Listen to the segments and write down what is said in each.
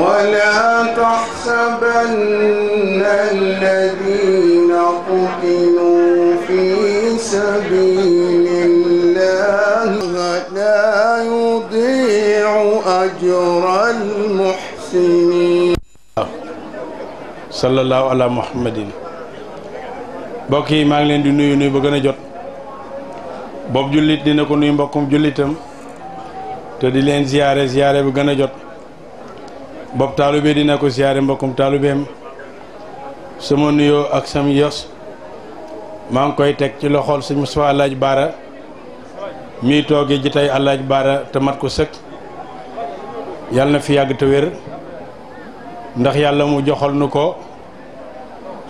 ولا تحسبن الذين قتلوا في سبيل الله لا يضيع أجر المحسنين صلى الله على محمد mbokk yi maa ngi leen di nuyu nuyu ba gën a jot boobu jullit dina ko nuyu mbokkum jullitam te di leen ziyaare ziyaare bu gën a jot bopp taalube dina ko siyaare mbokkum taalubeem sama nuyoo ak sam yos maa ngi koy teg ci loxol sëñ Moustapha Alaaji Baara mii toogee ji tey Alaaji Baara te mat ko sëkk yàlla na fi yàgg te ndax yàlla mu joxal nu ko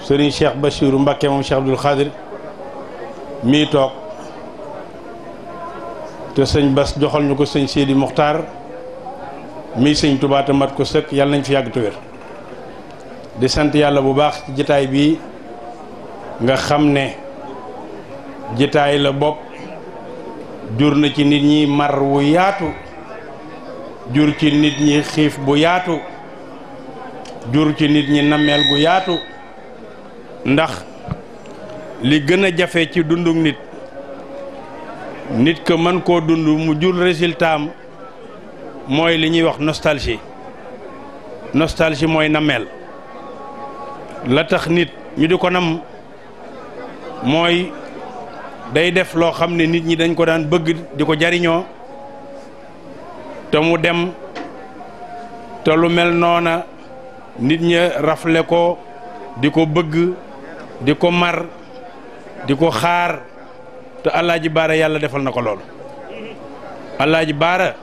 sëriñ Cheikh Bassirou Mbacké moom Cheikh Abdoul Khadir mii toog te sëñ Bas joxal ñu ko sëñ Sidi Mokhtar mii sëñ Tuubaa te mat ko sëkk yàlla nañ fi yàgg te di sant yàlla bu baax ci jitaay bii nga xam ne jitaay la bopp jur na ci nit ñi mar wu yaatu jur ci nit ñi xiif bu yaatu jur ci nit ñi nammeel bu yaatu ndax li gën a jafe ci dunduk nit nit ko mën koo dund mu jur résultat mooy li ñuy wax nostalgie nostalgie mooy nammeel la tax nit ñu di ko nam mooy day def loo xam ne nit ñi dañ ko daan bëgg di ko jariñoo te mu dem te lu mel noona nit ñi rafle ko di ko bëgg di ko mar di ko xaar te Alaaji Baara yàlla defal na ko lool Alaaji Baara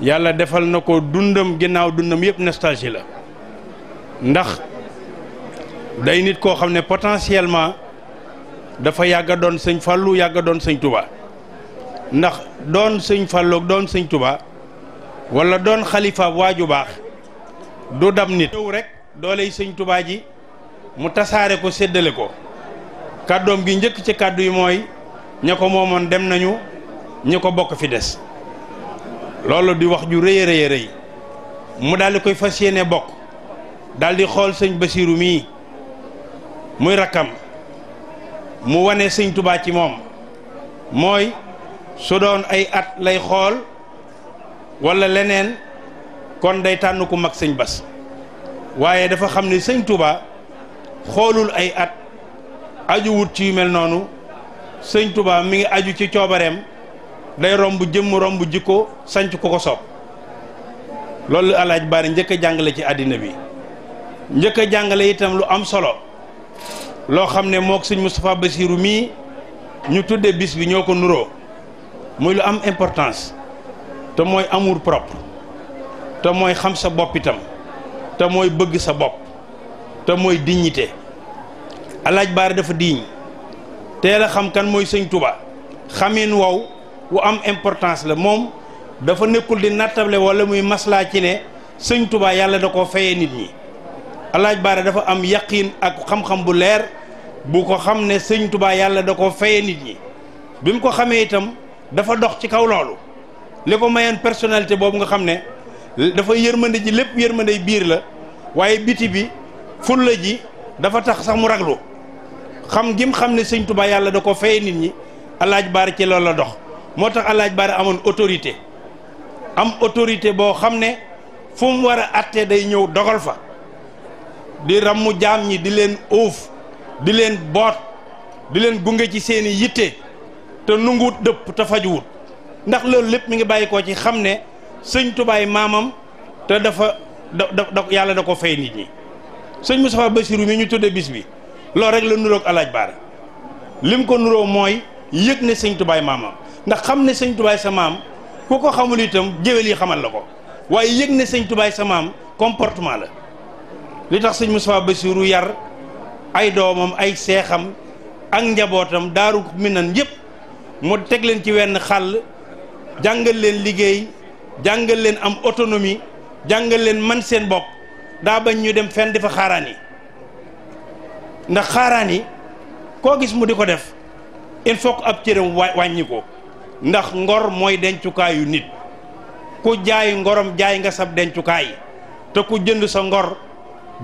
yàlla defal na ko dundam ginnaaw dundam yëpp nostalgie la ndax day nit koo xam ne potentiellement dafa yàgg doon sëñ Fallou yàgg doon sëñ Touba ndax doon sëñ Fallou doon sëñ Touba wala doon xalifa ju baax du dam nit. ñëw rek dooley sëñ Touba ji mu tasaare ko séddale ko kàddoom gi njëkk ci kàddu yi mooy ña ko moomoon dem nañu ñi ko bokk fi des. loolu di wax ju rëy a rëy a rëy mu daal di koy fas yéene bokk daldi xool sëñ Basiiru mii muy rakkam mu wane sëñ Tuubaa ci moom mooy su doon ay at lay xool walla leneen kon day tànn ku mag sëñ Bas waaye dafa xam ni sëñ Tuubaa xoolul ay at aju wut ci mel noonu sëñ Tuubaa mi ngi aju ci coobareem day romb jëmm romb jikko sanc ku ko soob loolu alaaj bari njëkk a jàngale ci àddina bi njëkk a jàngale itam lu am solo loo xam ne mook sëñ Moustapha Bassirou mii ñu tuddee bis bi ñoo ko nuroo muy lu am importance te mooy amour propre te mooy xam sa bopp itam te mooy bëgg sa bopp te mooy dignité alaaj baar dafa diiñ teel a xam kan mooy sëñ Touba xamin wow wu am importance la moom dafa nekkul di nattable wala muy maslaa ci ne sëñ yàlla da koo fayee nit ñi alaaj baara dafa am yàqin ak xam-xam bu leer bu ko xam ne sëñ Touba yàlla da ko fayee nit ñi bi mu ko xamee itam dafa dox ci kaw loolu li ko mayeen personnalité boobu nga xam ne dafa yërmande ji lépp yërmande biir la waaye biti bi fulla ji dafa tax sax mu raglu xam gim xam ne sëñ Touba yàlla da ko fayee nit ñi alaaj baara ci loolu la dox moo tax alaaj Baara amoon autorité am autorité boo xam ne fu mu war a àttee day ñëw dogal fa di ràmmu jaam ñi di leen uuf di leen boot di leen gunge ci seeni yitte te nunguwut dëpp te fajuwut ndax loolu lépp mi ngi bàyyi ko ci xam ne sëñ tubaay maamam te dafa da da yàlla da ko fay nii ñi sëñ Moustapha Bassirou mi ñu tudde bis bi loolu rek la nuroog alaaj Baara lim ko nuroo mooy yëg ne sëñ tubaay maamam ndax xam ne sëñ tubaay sa maam ku ko xamul itam géwél yi xamal la ko waaye yëg ne sëñ tubaay sa maam comportement la li tax sëñ Moustapha Bassirou yar ay doomam ay seexam ak njabootam daaru minan yëpp mu teg leen ci wenn xàll jàngal leen liggéey jàngal leen am autonomie jàngal leen man seen bopp daa bañ ñu dem fenn di fa xaaraan ndax xaaraan yi koo gis mu di ko def il faut que ab cëram wàññi ko ndax ngor mooy dencukaayu nit ku jaay ngorom jaay nga sab dencukaay te ku jënd sa ngor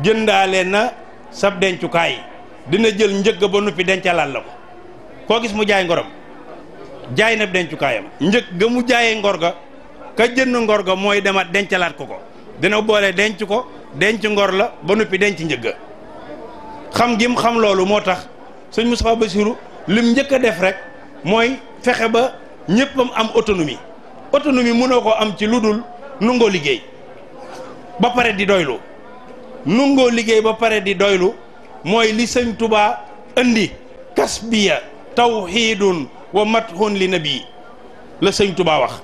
jëndaale na sab dencukaay dina jël njëgg ba noppi dencalaat la ko koo gis mu jaay ngorom jaay na dencukaayam njëg ga mu jaayee ngor ga ka jënd ngor ga mooy demaat dencalaat ko ko dina boole denc ko denc ngor la ba noppi denc njëgg xam gim xam loolu moo tax sëñ Moustapha Bassirou lim njëkk a def rek mooy fexe ba ñëppam am autonomie autonomie mënoo ko am ci lu dul nungoo liggéey ba pare di doylu nungoo liggéey ba pare di doylu mooy li sëñ tubaa indi kasbiya tawxiidun wa mathun na bii la sëñ tubaa wax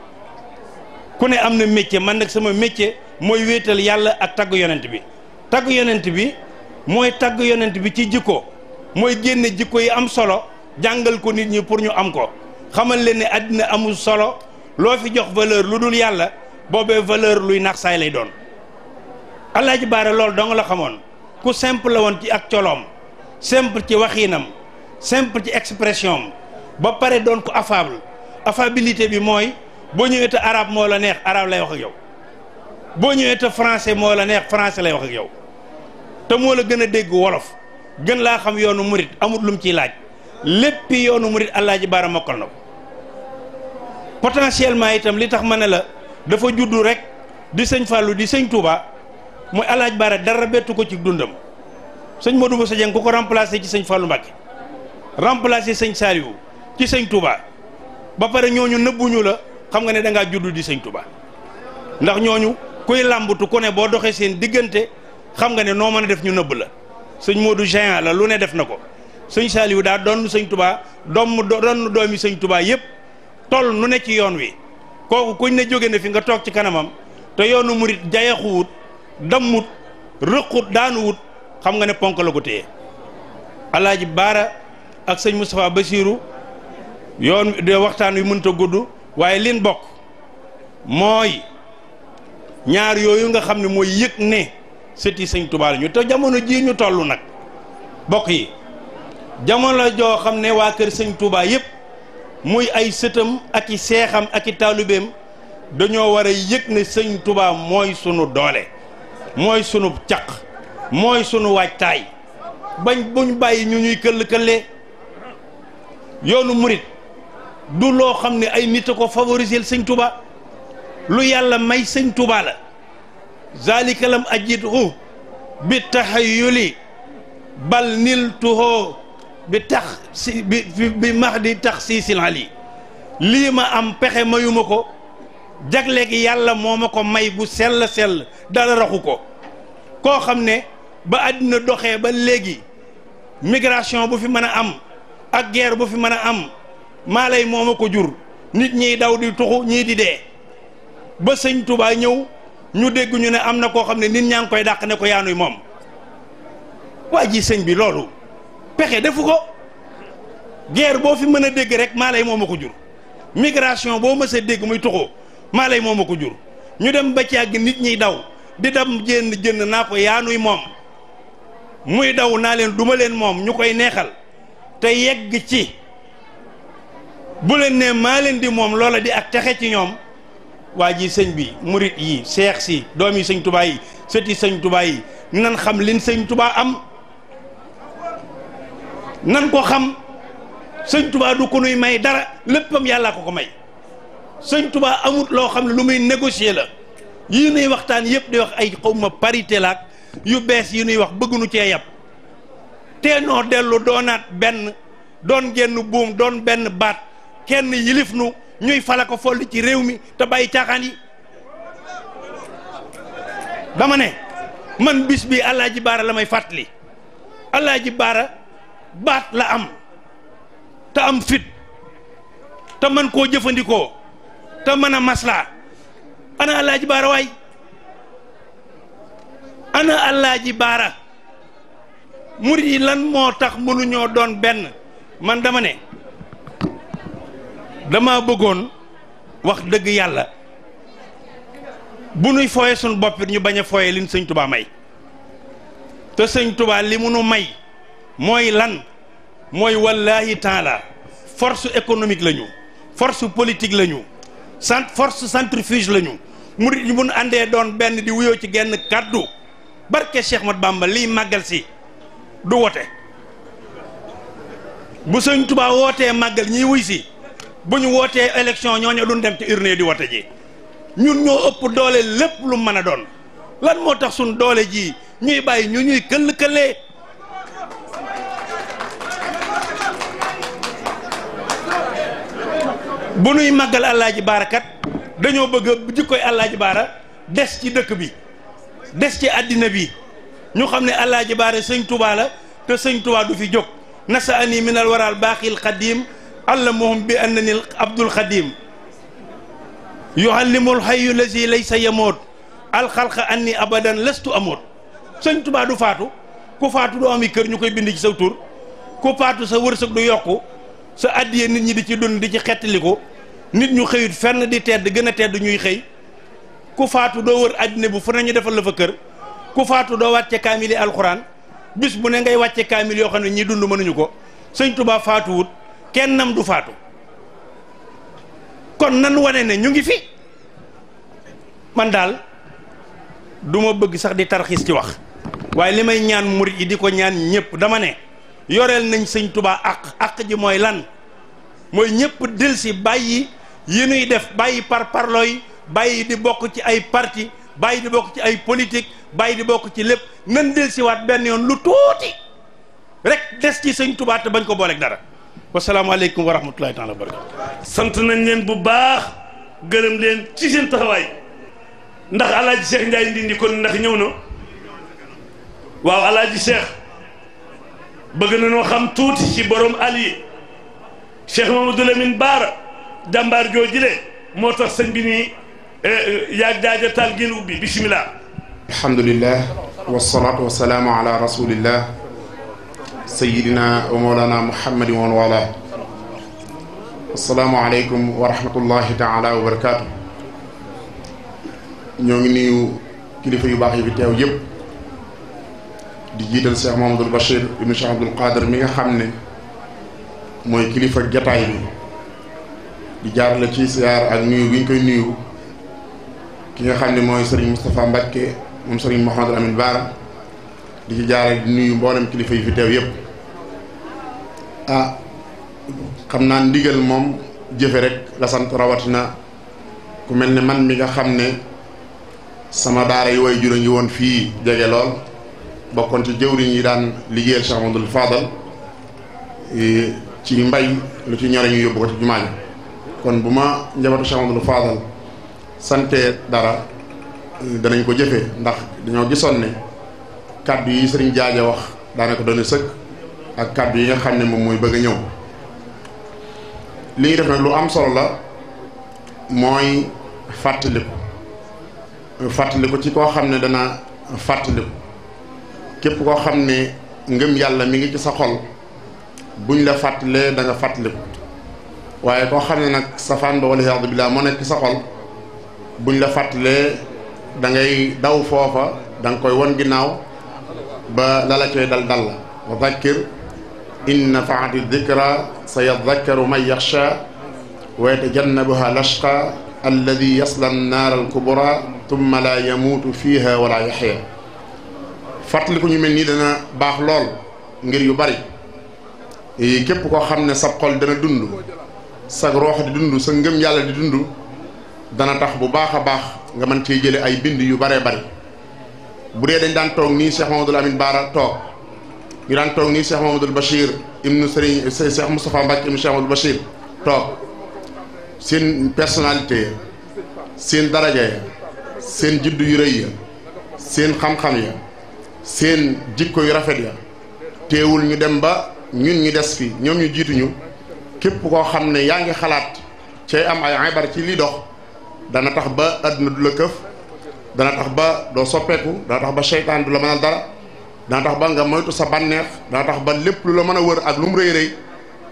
ku ne am na métier man nag sama métier mooy wéetal yàlla ak tagg yonent bi tagg yonent bi mooy tagg yonent bi ci jikko mooy génne jikko yi am solo jàngal ko nit ñi pour ñu am ko xamal leen ne àddina amul solo loo fi jox valeur lu dul yàlla boobee valeur luy nax saay lay doon Alaaji Baara loolu dong la xamoon ku simple la woon ci ak coloom simple ci waxiinam simple ci expression ba pare doon ko affable affabilité bi mooy boo ñëwee te arabe moo la neex arabe lay wax ak yow boo ñëwee te francais moo la neex français lay wax ak yow te moo la gën a dégg wolof gën laa xam yoonu murit amut lum ci laaj léppi yoonu murit Alaaji Baara mokkal na potentiellement itam li tax ma ne la dafa juddu rek di sëñ Fallou di sëñ Touba mooy alaaj Baara dara bettu ko ci dundam sëñ Modou Bousso Dieng ku ko remplacé ci sëñ Fallou Mbacké remplacé sëñ Saliou ci sëñ Touba ba pare ñu nëbbuñu la xam nga ne dangaa ngaa juddu di sëñ Touba ndax ñooñu kuy làmbatu ku ne boo doxee seen diggante xam nga ne noo mën a def ñu nëbb la sëñ Modou géant la lu ne def na ko sëñ Saliou daa doon sëñ Touba doom doon doomi sëñ Touba yëpp. toll nu ne ci yoon wi kooku kuñ ne jóge na fi nga toog ci kanamam te yoonu murit jayaxuwut dammut rëqut daanuwut xam nga ne ponk la ko téye alaaji baara ak sëñ Moustapha Bassirou yoon de waxtaan wi mënta gudd waaye liñ bokk mooy ñaar yooyu nga xam ne mooy yëg ne sëti sëñ Tuubaa ñu te jamono jii ñu toll nag bokk yi jamono joo xam ne waa kër sëñ Tuubaa yëpp muy ay sëtam ak i seexam ak i taalubeem dañoo wara a yëg ne sëñ Touba mooy sunu doole mooy sunu caq mooy sunu waajtaay bañ buñ bàyyi ñu ñuy këll këllee yoonu murit du loo xam ne ay nit a ko favoriser sëñ Touba lu yàlla may sëñ Touba la zalika lam ajid hu bi taxayuli bal nil tuhoo bi tax si bi bi max di tax siisil ali lii ma am pexe mayuma ko jagle yàlla moo ma ko may bu sell sell dara raxu ko koo xam ne ba àddina doxee ba léegi migration bu fi mën a am ak guerre bu fi mën a am maa lay moo ma ko jur nit ñiy daw di tuxu ñii di dee ba sëñ Touba ñëw ñu dégg ne am na koo xam ne nit ñaa ngi koy dàq ne ko yaanuy moom waa ji sëñ bi loolu pexe defu ko guerre boo fi mën a dégg rek maa lay moo ma ko jur migration boo mës dégg muy tuxoo maa lay moo ma ko jur ñu dem ba ci àgg nit ñiy daw di dem jën jënd naa ko yaanuy moom muy daw naa leen duma leen moom ñu koy neexal te yegg ci bu leen ne maa leen di moom loola di ak texe ci ñoom waa ji sëñ bi murit yi seex si doom yi sëñ tubaa yi sëti sëñ tubaa yi nan xam lin sëñ tubaa am nan ko xam sëñ tubaa du ko nuy may dara léppam yàllaa ko ko may sëñ tubaa amut loo xam ne lu muy négocier la yi nuy waxtaan yëpp di wax ay xawma parité laak yu bees yi nuy wax bëggunu cee yàpp te noo dellu doonaat benn doon génn buum doon benn baat kenn yilif ñuy fala ko foll ci réew mi te bàyyi caaxaan yi dama ne man bis bi Alaaji Baara la may fàttali Alaaji Baara baat la am te am fit te mën koo jëfandikoo te mën a maslaa ana alaaji baara waay ana alaaji baara murid yi lan moo tax mënuñoo doon benn man dama ne dama bëggoon wax dëgg yàlla bu nuy fooye sunu boppit ñu bañ a fooye liñ sëñ tubaa may te sëñ tubaa li mu may mooy lan mooy wallahi taala force économique la ñu force politique la ñu cent force centrifuge la ñu murit yi mun àndee doon benn di wuyoo ci genn kàddu barke Cheikh Mat Bamba liy màggal si du wote bu sëñ Tuubaa wootee màggal ñiy wuy si bu ñu wootee élection ñooñu duñ dem ci urne di wote ji ñun ñoo ëpp doole lépp lu mën a doon lan moo tax suñ doole ji ñuy bàyyi ñu ñuy këll këllee bu nuy màggal Alaaji Baara dañoo bëgg jikkoy Alaaji Baara des ci dëkk bi des ci àddina bi ñu xam ne Alaaji Baara sëñ Tuubaa la te sëñ Tuubaa du fi jóg nasa ani min al waral baaxil xadiim allamuhum bi annani abdul xadiim yuhallimul hayyu lazi laysa yamoot alxalqa anni abadan lastu amoot sëñ Tuubaa du faatu ku faatu doo ami kër ñu koy bind ci sa tur ku faatu sa wërsëg du yokku sa àddiyee nit ñi di ci dund di ci xettaliku nit ñu xëyut fenn di tedd gën a tedd ñuy xëy ku faatu doo wër àddina bu fu nañu defal la fa kër ku faatu doo wàcce kaamil yi alxuraan bis bu ne ngay wàcce kaamil yoo xam ne ñi dund mënuñu ko sëñ Tuubaa faatuwut kenn nam du faatu kon nan wane ne ñu ngi fi man daal du ma bëgg sax di tarxiis ci wax waaye li may ñaan murit yi di ko ñaan ñëpp dama ne yoreel nañ sëñ tubaa ak àq ji mooy lan mooy ñëpp dil si bàyyi yi nuy def bàyyi par parlooy bàyyi di bokk ci ay parti bàyyi di bokk ci ay politique bàyyi di bokk ci lépp nan dil si waat benn yoon lu tuuti rek des ci sëñ tubaa te bañ ko booleeg dara wasalaamaaleykum wa rahmatulahi taala wa barakatu sant nañ leen bu baax gërëm leen ci seen taxawaay ndax alaaji Cheikh Ndiaye Ndindi kon ndax ñëw na waaw alaaji seex bëgg nañoo xam tuuti ci borom àll yi Cheikh Mamadou Lamine Baara jàmbaar joojile moo tax sëñ bi nii eh, eh, yaag daaja taal gën ubbi bisimilah. alhamdulilah wasalaatu wasalaamu ala rasulillah sayidina wa mawlana muhammadin wa wala asalaamu aleykum wa rahmatullahi taala wa barakaatu ñoo ngi nuyu kilifa yu baax yi fi teew yëpp. di jiital Cheikh Mamadou Bachir ibnu Cheikh Abdoul Qadir mi nga xam ne mooy kilifa jataay bi di jaarale ci siyaar ak nuyu gi ñu koy nuyu ki nga xam ne mooy Serigne Moustapha Mbacke moom Serigne Mouhamadou Amine Baara di ci jaarale di nuyu mboolem kilifa yi fi teew yëpp ah xam naa ndigal moom jëfe rek la sant rawatina ku mel ne man mi nga xam ne sama daara yi way jura woon fii jege lool. bokkoon ci jëwriñ yi daan liggéeyal Cheikh Amadou Fadal e, ci mbay lu ci ñore ñu yóbbu ko ci jumaa kon bu ma njabootu Cheikh Amadou Fadal sante dara e, danañ ko jëfee ndax dañoo gisoon ne kàddu yi sëriñ jaaja wax daanaka doon sëkk ak kàddu yi nga xam ne moom mooy bëgg a ñëw li ñu def nag lu am solo la mooy fàttaliku fàttaliku ci koo xam ne dana fàttaliku képp koo xam ne ngëm yàlla mi ngi ci sa xol buñ la fàttalee da nga fàttaliku waaye koo xam ne nag safaan ba wala billaah moo nekk ci sa xol buñ la fàttalee dangay daw foofa da koy won ginnaaw ba la la coy dal dal la wa zakkir in nafaati dikra sa yadakkaru man yaxsha wa yatajannabuha lashqa alladi yasla annaar alkubra tumma la yamuutu fiha wala yaxya fàttali ko ñu mel nii dana baax lool ngir yu bari képp koo xam ne sab xol dana dund sa roox di dund sa ngëm yàlla di dund dana tax bu baax a baax nga mën cee jële ay bind yu baree bari bu dee dañ daan toog nii Cheikh Mamadou Amine Baara toog ñu daan toog nii Cheikh Mamadou Bachir ibnu Serigne Cheikh Moustapha Mbacke ibnu Cheikh Mamadou toog seen personnalité seen daraja ya seen juddu yu rëy ya seen xam-xam ya seen jikko yu rafet ya teewul ñu dem ba ñun ñu des fii ñoom ñu jiituñu képp koo xam ne yaa ngi xalaat cay am ay ibar ci li dox dana tax ba àdduna du la këf dana tax ba doo soppeeku dana tax ba seytaan du la a dara dana tax ba nga moytu sa bànneex dana tax ba lépp lu la mën a wër ak lu mu rëy rëy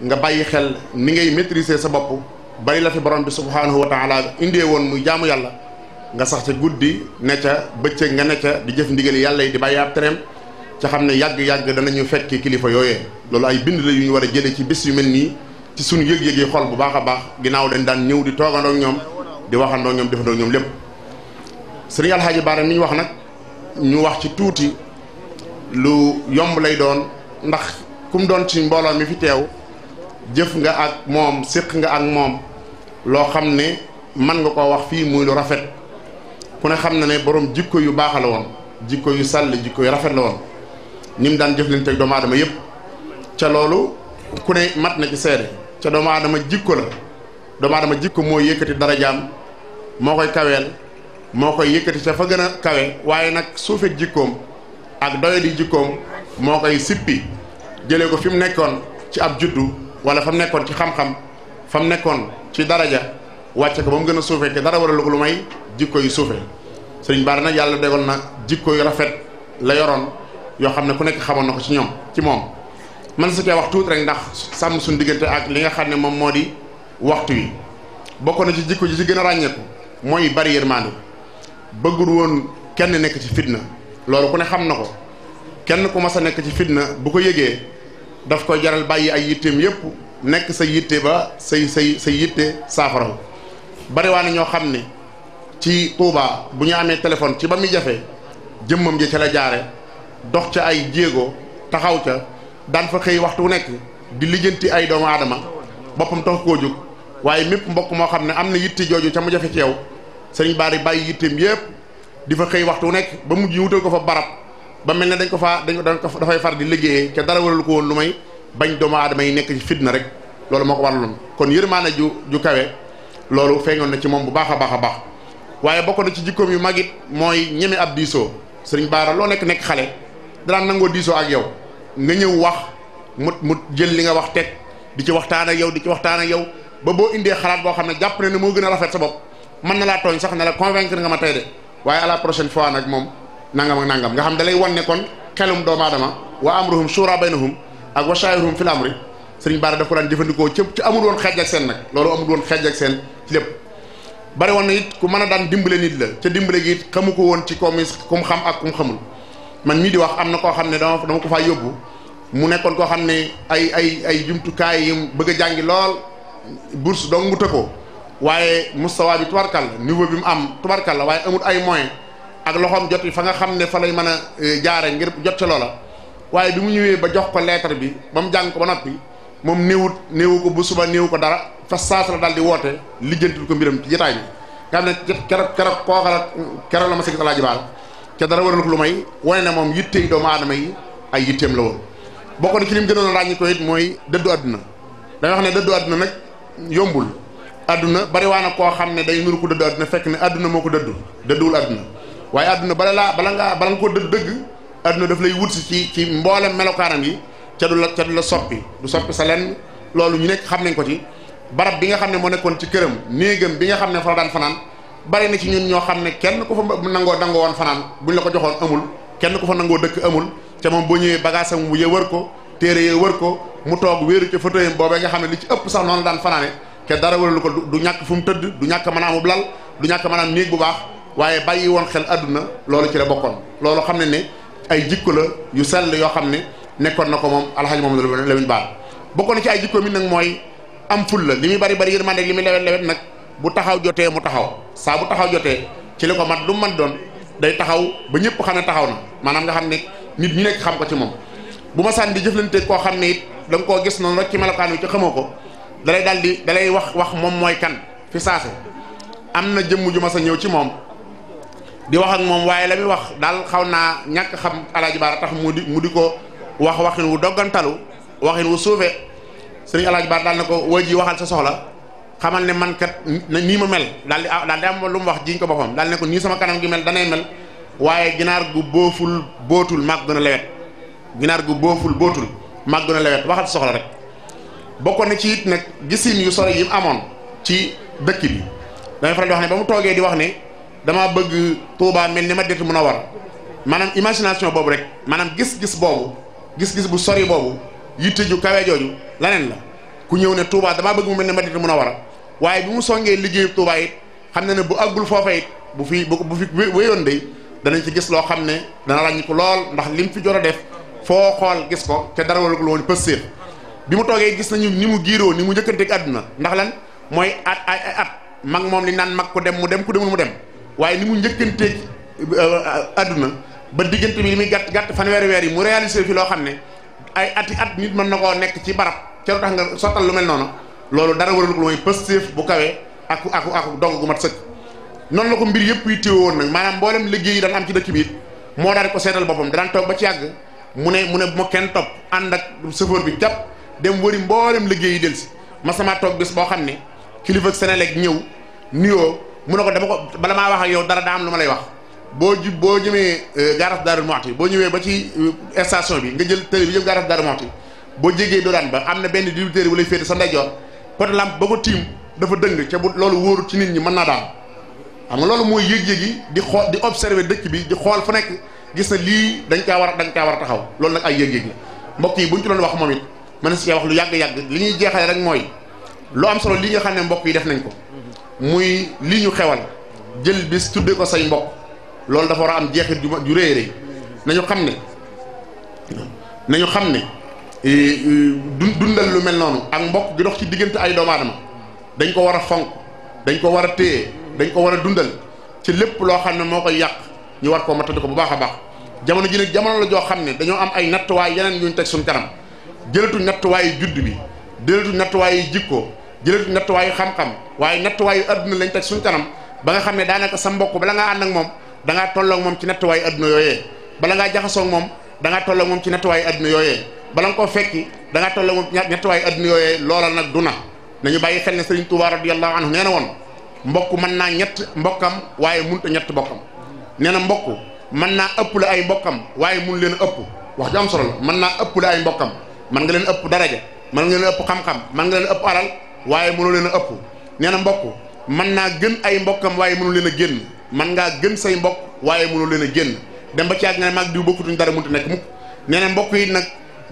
nga bàyyi xel ni ngay maîtriser sa bopp bari la fi borom bi subhanahu wa taala indee woon muy jaamu yàlla nga sax ca guddi ne ca bëccëg nga ne ca di jëf ndigal yàlla yi di bàyyi ab tereem ca xam ne yàgg-yàgg danañu fekki kilifa yooyee loolu ay bind la yu ñu war a jëlee ci bés yu mel nii ci suñu yëg-yëg xol bu baax a baax ginnaaw dañ daan ñëw di toogandoo ñoom di waxandoo ñoom defandoo ñoom lépp sëriñ Alxaaji Baara mi ñu wax nag ñu wax ci tuuti lu yomb lay doon ndax kum doon ci mbooloo mi fi teew jëf nga ak moom séq nga ak moom loo xam ne mën nga koo wax fii mu lu rafet ku ne xam na ne borom jikko yu baax la woon jikko yu sàll jikko yu rafet la woon ni mu daan jëflante ak doomu aadama yëpp ca loolu ku ne mat na ci seede ca doomu aadama jikko la doomu aadama jikko moo yëkkati darajaam moo koy kaweel moo koy yëkkati ca fa gën a kawe waaye nag suufee jikkoom ak doyadi jikkoom moo koy sippi jëlee ko fi mu nekkoon ci ab juddu wala fa mu nekkoon ci xam-xam fa mu nekkoon ci daraja wàcce ko ba mu gën a suufee te dara waralu ko lu may. jikko yu suufe sëriñ Bara nag yàlla dogal na jikko yu rafet la yoroon yoo xam ne ku nekk xamoon na ko ci ñoom ci moom man sa cee wax tuuti rek ndax sàmm suñu diggante ak li nga xam ne moom moo di waxtu wi bokk na ci jikko ji ci gën a ràññeeku mooy bari yërmaande bëggul woon kenn nekk ci fitna loolu ku ne xam na ko kenn ku ma sa nekk ci fitna bu ko yéegee daf koy jaral bàyyi ay yitteem yépp nekk sa yitte ba say say say yitte saafara bari waa ci Touba bu ñu amee téléphone ci ba muy jafe jëmmam ji ca la jaare dox ca ay jéego taxaw ca daan fa xëy waxtu nekk di lijjanti ay doomu aadama boppam tax koo jóg waaye mépp mbokk moo xam ne am na yitti jooju ca mu jafe ci yow sëriñ Bara bàyyi yitteem yépp di fa xëy waxtu nekk ba mujj wutal ko fa barab ba mel na dañ ko faa dañ ko dafay far di liggéeyee ca dara waralu ko woon lu may bañ doomu aadama yi nekk fit na rek loolu moo ko waraloon kon yërmaane ju ju kawe loolu feeñoon na ci moom bu baax a baax a baax waaye bokk na ci jikkoom yu mag it mooy ñeme ab diisoo sëriñ Baara loo nekk nekk xale daan nangoo diisoo ak yow nga ñëw wax mu mu jël li nga wax teg di ci waxtaan ak yow di ci waxtaan ak yow ba boo indee xalaat boo xam ne jàpp ne ne moo gën a rafet sa bopp mën na laa tooñ sax ne la convaincre nga ma tey de waaye à la prochaine fois nag moom nangam ak nangam nga xam dalay wan ne kon xelum doomu aadama wa amruhum shura baynahum ak wa shaawiruhum fil amri sëriñ Baara daf ko jëfandikoo cëpp ci amul woon xeej ak seen nag loolu seen ci bari woon na it ku mën a daan dimbale nit la ca dimbale gi it xamu ko woon ci koom kum xam ak kum xamul man ñii di wax am na koo xam ne dama dama ko faa yóbbu mu nekkoon koo xam ne ay ay ay jumtukaay yum bëgg a jàngi lool bourse dong mu tëkkoon waaye mustawa bi tubarkal niveau bi mu am tubarkal la waaye amul ay moyen ak loxoom jot fa nga xam ne fa lay mën a eh, jaare ngir jot ca loola waaye bi mu ñëwee ba jox ko lettre bi ba mu jàng ko ba noppi moom néewut néewu ko bu ba néewu ko dara fa saasa daal di woote lijjantil ko mbiram ci jotaay bi nga xam ne keroog keroog koo xalaat keroog la ma sëgg salaaji baal ca dara waral ko lu may wane ne moom yitte yi doomu aadama yi ay la woon bokkoon ci lim gënoon a ràññi ko it mooy dëddu àdduna dañuy wax ne dëddu àdduna nag yombul àdduna bari waa na koo xam ne day nuru ko dëddu àdduna fekk ne àdduna moo ko dëddu dëdduwul àdduna waaye àdduna bala laa bala bala nga koo dëdd dëgg àdduna daf lay wut si ci ci mboolem melokaanam yi ca du la ca du la soppi du soppi sa lenn loolu ñu nekk xam nañ ko ci barab bi nga xam ne moo nekkoon ci këram néegam bi nga xam ne fa la daan fanaan bari na ci ñun ñoo xam ne kenn ku fa nangoo nangoo woon fanaan buñ la ko joxoon amul kenn ku fa nangoo dëkk amul te moom boo ñëwee bagage am mu wër ko téere yee wër ko mu toog wéeru ci fauteuil boobee nga xam ne li ci ëpp sax noonu la daan fanaane te dara waralu ko du ñàkk fu mu tëdd du ñàkk maanaam bu lal du ñàkk maanaam néeg bu baax waaye bàyyi woon xel àdduna loolu ci la bokkoon xam ne ne ay jikko la yu sell yoo xam ne nekkoon na ko moom alxaji moom Lamine Bara bokkoon na ci mooy am ful la li muy bari bari yërmande li muy lewet lewet nag bu taxaw jotee mu taxaw saa bu taxaw jotee ci li ko mat lu mu doon day taxaw ba ñëpp xam taxaw na maanaam nga xam ne nit ñu nekk xam ko ci moom bu ma sànni di jëflante koo xam ne it da koo gis noonu rek ci melokaan wi ci xamoo ko dalay daal di dalay wax wax moom mooy kan fi saase am na jëmm ju ma sa ñëw ci moom di wax moom waaye la muy wax daal xaw naa ñàkk xam alaaji baara tax mu di mu di ko wax waxin wu doggantalu waxin wu suufe sëriñ alaaj baar daal na ko waa ji waxal sa soxla xamal ne man kat nii ma mel daal di ah, daal di am lu mu wax jiñ ko boppam daal ne ko nii sama kanam gi mel danay mel waaye ginaar gu booful bootul màgg na a lewet ginaar gu booful bootul màgg na a lewet waxal sa soxla rek bokkoon na ci it nag gisin yu sore yi amoon ci dëkk bi damay faral di wax ne ba mu toogee di wax ne dama bëgg Touba mel ni ma det mun a war maanaam imagination boobu rek maanaam gis-gis boobu gis-gis bu sori boobu yitte ju kawe jooju laneen la ku ñëw ne Touba damaa bëgg mu mel ne Madina Munawara waaye bi mu songee liggéeyu Touba it xam na ne bu àggul foofa it bu fi bu fi wéyoon day danañ ci gis loo xam ne dana ràññ ko lool ndax lim fi jot a def foo xool gis ko te dara waragul woon pës séer bi mu toogee gis nañu ni mu giiroo ni mu njëkkanteeg àdduna ndax lan mooy at ay at mag moom li naan mag ku dem mu dem ku demul mu dem waaye ni mu njëkkanteeg euh, euh, àdduna ba diggante bi li muy gàtt gàtt fanweeri weer yi mu réalisé fi loo xam ne ay ati at nit mën na koo nekk ci barab ca lu tax nga sottal lu mel noonu loolu dara waralu ko lu mooy pëstéef bu kawee ak aku aku dong gu mat sëkk noonu la ko mbir yëpp yi téew woon nag maanaam mboolem liggéey yi daan am ci dëkk bi moo daa di ko seetal boppam daan toog ba ci àgg mu ne mu ne bu ma kenn topp ànd ak chauffeur bi jàpp dem wëri mboolem liggéey yi si ma sama toog bis boo xam ne kilifa Senelec ñëw nuyoo mu ne ko dama ko bala maa wax ak yow dara daa am ma lay wax boo ji boo jëmee euh, gaaraas Darou Mouhty boo ñëwee ba ci euh, station bi nga jël télé bi jëm gaaraas Darou boo jégee doodaan ba am na benn diwteer bu lay féete sa ndeyjoor pot lamp ba ko tiim dafa dëng ca bu loolu wóoru ci nit ñi mën naa daal xam nga loolu mooy yëg-yëg yi di xool di observer dëkk bi di xool fu nekk gis na lii dañ caa war a dañ kaa war a taxaw loolu nag ay yëg-yëg la mbokk yi bu ñu ci doon wax moom it mën na si wax lu yàgg-yàgg li ñuy jeexale rek mooy lu am solo li nga xam ne mbokk yi def nañ ko muy lii ñu xewal jël bis tuddee ko say mbokk loolu dafa war a am jeexit ju ju rëy rëy nañu xam ne nañu xam ne eh, eh, du dundal lu mel noonu ak mbokk gi dox ci diggante ay doomaadama dañ ko war a fonk dañ ko war a téye dañ ko war a dundal ci lépp loo xam ne moo koy yàq ñu war koo matadi ko bu baax a baax jamono ji jamono la joo xam ne dañoo am ay nattuwaay yeneen yuñ teg suñ kanam jëlatu nattuwaayu judd bi jëlatu nattuwaayu jikko jëlatu nattuwaayu xam-xam waaye nattuwaayu adduna lañ teg suñ kanam ba nga xam ne daanaka sa mbokk bala ngaa ànd ak moom da ngaa tolloog moom ci nattuwaayu adduna yooyee bala ngaa jaxasoog moom da ngaa tolloog moom ci nattuwaayu adduna yooyee bala nga koo fekki da ngaa tolloog moom ci nattuwaayu adduna yooyee loola nag duna nañu bàyyi xel ne Sëriñ Tuubaa radiyallahu anhu nee na woon mbokk mën naa ñett mbokkam waaye mënut a ñett mbokkam nee na mbokk mën naa ëpp la ay mbokkam waaye mun leen ëpp wax ju am solo la mën naa ëpp la ay mbokkam man nga leen ëpp daraja man nga leen ëpp xam-xam man nga leen ëpp alal waaye mënoo leen a ëpp nee na mbokk mën naa gën ay mbokkam waaye mënu leen a génn man ngaa gën say mbokk waaye mënoo leen a génn dem ba ci ak nga ne maag diw bokkutuñ dara mënut a nekk mukk nee mbokk yi nag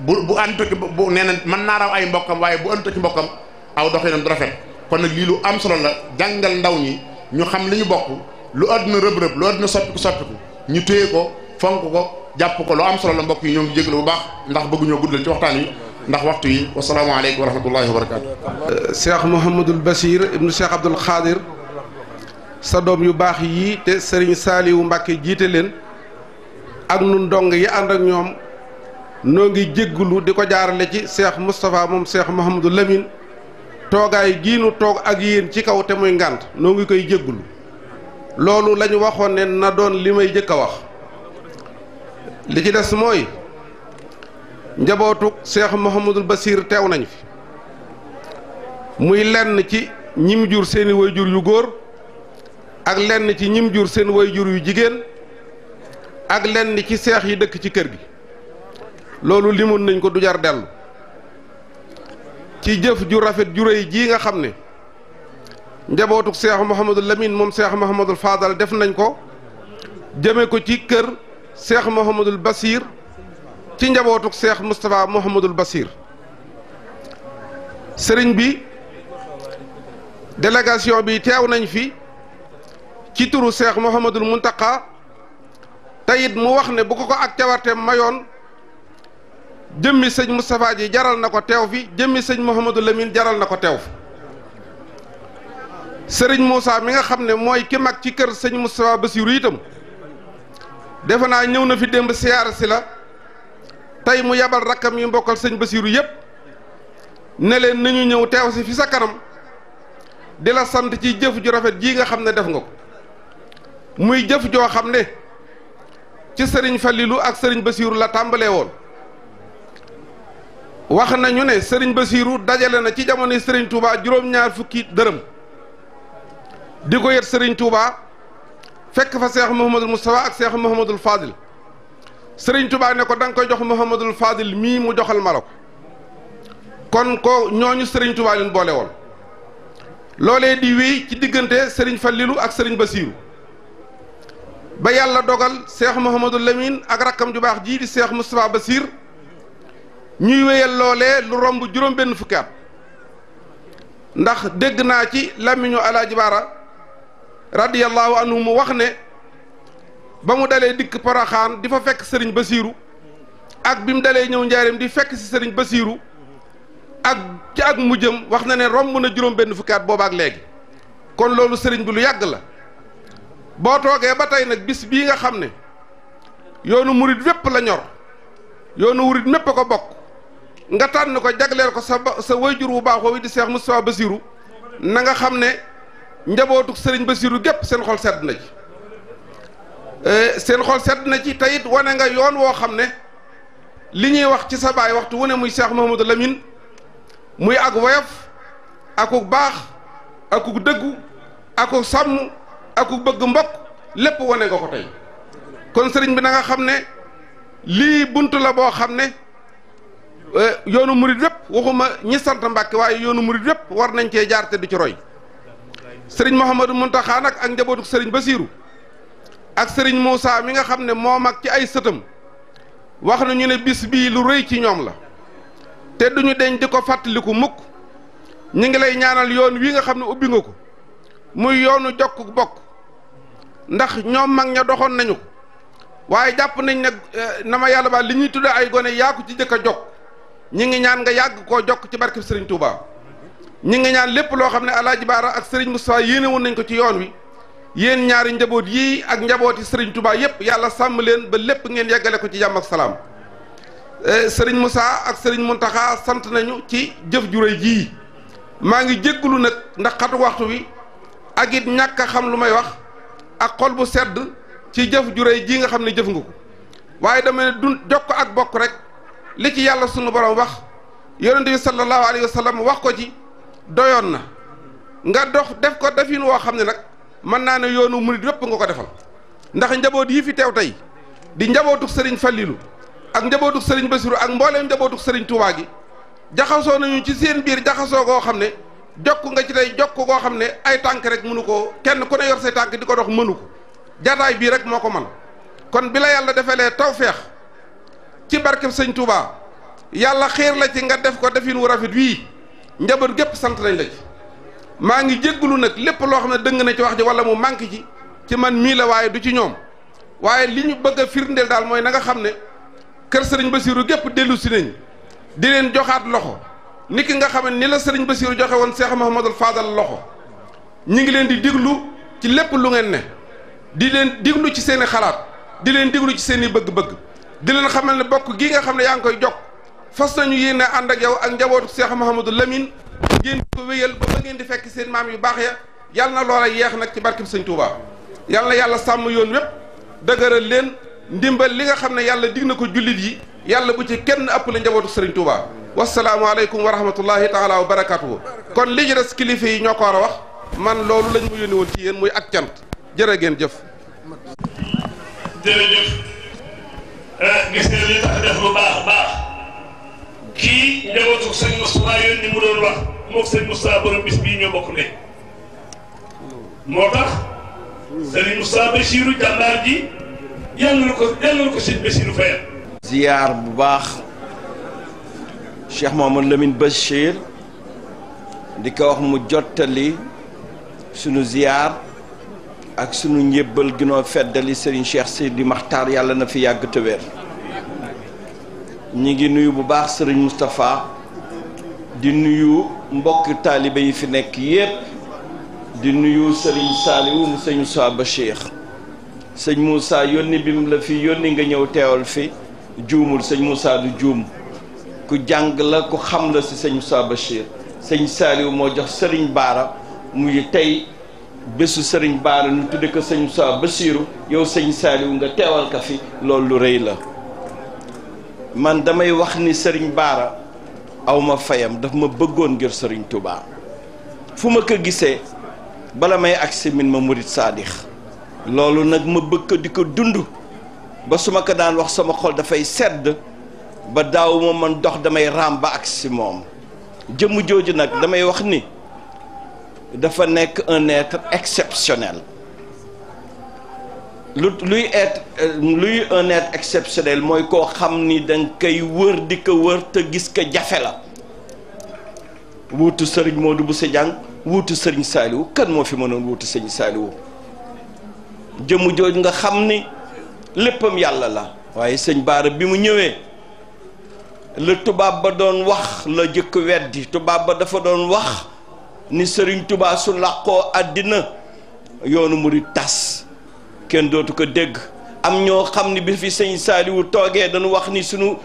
bu bu àndutoki bu nee na mën naa raw ay mbokkam waaye bu àndutoki mbokkam aw doxinam du rafet kon nag lii lu am solo la jàngal ndaw ñi ñu xam li ñu bokk lu àdduna rëb-rëb lu àdduna soppiku soppiku ñu téye ko fonk ko jàpp ko lu am solo la mbokk yi ñoo ngi jégalu bu baax ndax bëgguñoo guddal ci waxtaan yi ndax waxtu yi wasalaamaaleykum wa rahmatullahi wa barakaatu. Cheikh Mouhamadul Basir ibnu Cheikh Abdoul sa doom yu baax yii te sëriñ Saaliwu Mbàkke jiite leen ak nun dong yi ànd ak ñoom noo ngi jéggulu di ko jaarale ci seex Moustapha moom seex Mouhamadou Lamine toogaay giinu toog ak yéen ci kaw te muy ngànt noo ngi koy jéggulu loolu lañu waxoon ne na doon li may jëkk a wax li ci des mooy njabootu seex Mouhamadul Basir teew nañu fi muy lenn ci ñim jur seeni wayjur yu góor ak lenn ci ñim jur seen way jur yu jigéen ak lenn ci seex yi dëkk ci kër gi loolu limoon nañ ko du jar dellu ci jëf ju rafet ju réy jii nga xam ne njabootuk seex Mouhamadul lamin moom seexu Mouhamadul Fadal def nañ ko jëme ko ci kër seex Mouhamadul Basir ci njabootuk seex Moustapha Mouhamadul Basir sëriñ bi délégation bi teew nañ fi. ci turu seex Muhammadul Muntaqa tayit mu wax ne bu ko ko ak cawarteem mayoon jëmmi sëñ Moustapha ji jaral na ko teew fi jëmmi sëñ Mouhamadou Lamine jaral na ko teew sëriñ Moussa mi nga xam ne mooy ki mag ci kër sëñ Moustapha Bassirou itam defe naa ñëw na fi démb siyaar la tey mu yabal rakkam yu mbokkal sëñ Bassirou yëpp ne leen nañu ñëw teew si fi sa kanam di la sant ci jëf ju rafet jii nga xam ne def nga ko muy jëf joo xam ne ci sëriñ Falilou ak sëriñ Basiiru la tàmbalee woon wax nañu ne sëriñ Basiiru dajale na ci jamonoy sëriñ Touba juróom-ñaar fukki dërëm di ko yet sëriñ Touba fekk fa seex Muhammadul Moustapha ak seex Muhammadul Fadil sëriñ Touba ne ko da nga koy jox Muhammadul Fadil mii mu joxal ma ko kon ko ñooñu sëriñ Touba leen boole woon loolee di wéy ci diggante sëriñ Falilou ak sëriñ Basiiru ba yàlla dogal seex Mouhamadou Lamine ak rakkam ju baax jii di seex Moustapha basiir ñuy wéyal loolee lu romb juróom-benn fukki at ndax dégg naa ci làmmiñu Alaaji Baara radiyallahu anhu wax ne ba mu dalee dikk Poroxaan di fa fekk sëriñ Basiiru ak bi mu dalee ñëw njaareem di fekk si sëriñ Basiiru ak ci ak mujjam wax na ne romb na juróom-benn fukki booba ak léegi kon loolu sëriñ bi lu yàgg la. boo toogee ba tey nag bis bii nga xam ne yoonu murit wépp la ñor yoonu murit mépp a ko bokk nga tànn ko jagleel ko sa sa wayjur wu baax woowu di Seex Mustafaa Basiru na nga xam ne njabootug sëriñ Basiru gépp seen xol sedd na ci e, seen xol sedd na ci teyit wane nga yoon woo xam ne li ñuy wax ci sa baay waxtu wu ne muy Cheikh Mouhamadou Lamine muy ak woyof akuk baax akuk dëggu akuk sàmm ak ku bëgg mbokk lépp wane nga ko tey kon sëriñ bi nanga xam ne lii bunt la boo xam ne euh, yoonu murit wépp waxuma ñi sant Mbàkke waaye yoonu murit wépp war nañ cee jaar te du ci roy sëriñ Mouhamadou Mountakha nag ak njabootu sëriñ ba Basiiru ak sëriñ Moussa mi nga xam ne moo mag ci ay sëtam wax na ñu ne bis bii lu rëy ci ñoom la te duñu deñ di ko fàttaliku mukk ñu ngi lay ñaanal yoon wii nga xam ne ubbi nga ko muy yoonu jokk bokk ndax ñoom mag ña doxoon nañu waaye jàpp nañ ne eh, na nama yàlla baal li ñuy tuddee ay gone yaa ci jëkk a jokk ñi ngi ñaan nga yàgg koo jokk ci barkeb Serigne Touba ñi ngi ñaan lépp loo xam ne Alaaji Baara ak Serigne Moustapha yéene woon nañ ko ci yoon wi yéen ñaari njaboot yii ak njabooti Serigne Touba yépp yàlla sàmm leen ba lépp ngeen yeggale ko ci jàmm ak salaam eh, Serigne Moussa ak Serigne taxa sant nañu ci jëf ju jii maa ngi jéggulu nag ndax xatu waxtu wi ak ñàkka xam lu may wax. ak xol bu sedd ci jëf juréy jii nga xam ne jëf nga ko waaye dama ne du ko ak bokk rek li ci yàlla sunu borom wax yonente bi sallallahu alayhi wa sallam wax ko ci doyoon na nga dox def ko defin woo xam ne nag mën naa ne yoonu murid yépp nga ko defal ndax njaboot yi fi teew tey di njabootuk sëriñ Fallilu ak njabootuk sëriñ Basiru ak mbooleem njabootuk sëriñ Tuubaa gi jaxasoo nañu ci seen biir jaxasoo goo xam ne jokk nga ci tey jokk koo xam ne ay tànk rek mënu ko kenn ku ne yor say tànk di ko dox mënu ko jataay bii rek moo ko man kon bi la yàlla defalee feex ci barkeb sëñ Touba yàlla xiir la ci nga def ko defin wu rafet wii njaboot gépp sant nañ la ci maa ngi jéggulu nag lépp loo xam ne dëng na ci wax ji wala mu manqué ci ci man mii la waaye du ci ñoom waaye li ñu bëgg a firndeel daal mooy na nga xam ne kër sëriñ Basiru gépp dellu si nañ di leen joxaat loxo nit ki nga xam ne ni la sëriñ Basiiru joxe woon Cheikh Mahamadul Fadal loxo ñi ngi leen di diglu ci lépp lu ngeen ne di leen diglu ci seen i xalaat di leen diglu ci seen i bëgg-bëgg di leen xamal ne bokk gi nga xam ne yaa ngi koy jokk fas nañu yéene ànd ak yow ak njabootu Cheikh Mahamadul Lamine ngeen di ko wéyal ba ba ngeen di fekk seen maam yu baax ya yàlla na loola yeex nag ci barkeb sëñ Touba yàlla na yàlla sàmm yoon wépp dëgëral leen ndimbal li nga xam ne yàlla dig na ko jullit yi yàlla bu ci kenn ëppale njabootu sëriñ Touba wasalaamualeykum wa rahmatullahi taala wa barakaatu. kon li des kilifa yi ñoo ko war a wax man loolu lañ mu yónni woon ci yéen muy ak cant jërë ngeen jëf. Eh, gis nga li tax def lu baax baax kii njabootu sëñ Moustapha yónni mu doon wax bii moo tax sëriñ Moustapha Bassirou jàmbaar ji yàlla na ko yàlla na ko sëñ ziyaar bu baax Cheikh Mouhamadou Lamine Bachir di ko wax mu jottali sunu ziyaar ak sunu njébbal ginoo feddali Serigne Cheikh Seydi Maxtaar yàlla na fi yàgg te wér ñi ngi nuyu bu baax Serigne Moustapha di nuyu mbokk taaliba yi fi nekk yépp di nuyu Serigne Saliou mu sëñ Moussa Bachir sëñ Moussa yónni bi mu la fi yónni nga ñëw teewal fi juumul sëñ Moussa du juum ku jàng la ku xam la ci sëñ Moussa Bachir sëñ Saliou moo jox sëriñ Baara muy tey bésu sëriñ Baara ñu tudde ko sëñ Moussa Bachirou yow sëñ Saliou nga teewal ka fi loolu rëy la man damay wax ni sëriñ Baara aw ma fayam daf ma bëggoon ngir sëriñ Touba fu ma ko gisee bala may agsi min ma murit saadix loolu nag ma bëgg ko di ko dund ba su ma ko daan wax sama xol dafay sedd ba daaw man dox damay raam ba ak si moom jëmm jooju nag damay wax ni dafa nekk un être exceptionnel lu luy être luy un être exceptionnel mooy koo xam ni danga koy wër di ko wër te gis ko jafe la wuutu sëriñ moo Modou Bousso Dieng wuutu sëriñ Saliou kan moo fi mënoon wuutu sëriñ Saliou jëmm jooju nga xam ni léppam yàlla la waaye sëñ Baara bi mu ñëwee la tubaab ba doon wax la jëkk weddi tubaab ba dafa doon wax ni sëriñ tubaa su làqoo àddina yoonu murit tas kenn dootu ko dégg am ñoo xam ni bi fi sëñ Saaliwu toogee dañu wax ni suñu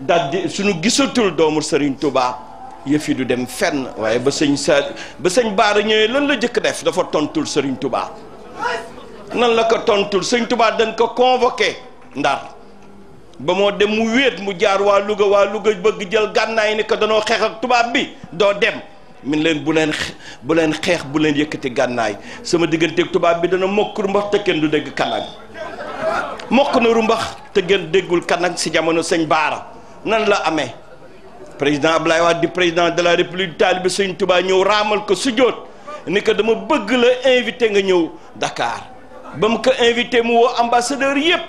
daldi sunu gisatul doomu sëriñ tubaa yëf yi du dem fenn waaye ba sëñ Saali ba sëñ Baara ñëwee lan la jëkk def dafa tontul sëriñ tubaa nan la ko tontul sëñ tubaab dañ ko convoqué ndar ba moo dem mu wéet mu jaar waa Louga waa Louga bëgg jël gànnaay ni ko danoo xeexal tubaab bi doo dem min leen bu leen bu leen xeex bu leen yëkkati gànnaay sama digganteeg tubaab bi dana mokk rumbax te kenn du dégg kanang mokk na rumbax te ngeen déggul kanang si jamono sëñ Baara nan la amee président Ablaye Wade di président de la république taalibe sëñ Tuubaa ñëw raamal ko sujjóot ni ko dama bëgg la invité nga ñëw Dakar ba mu ko invité mu woo ambassadeur yëpp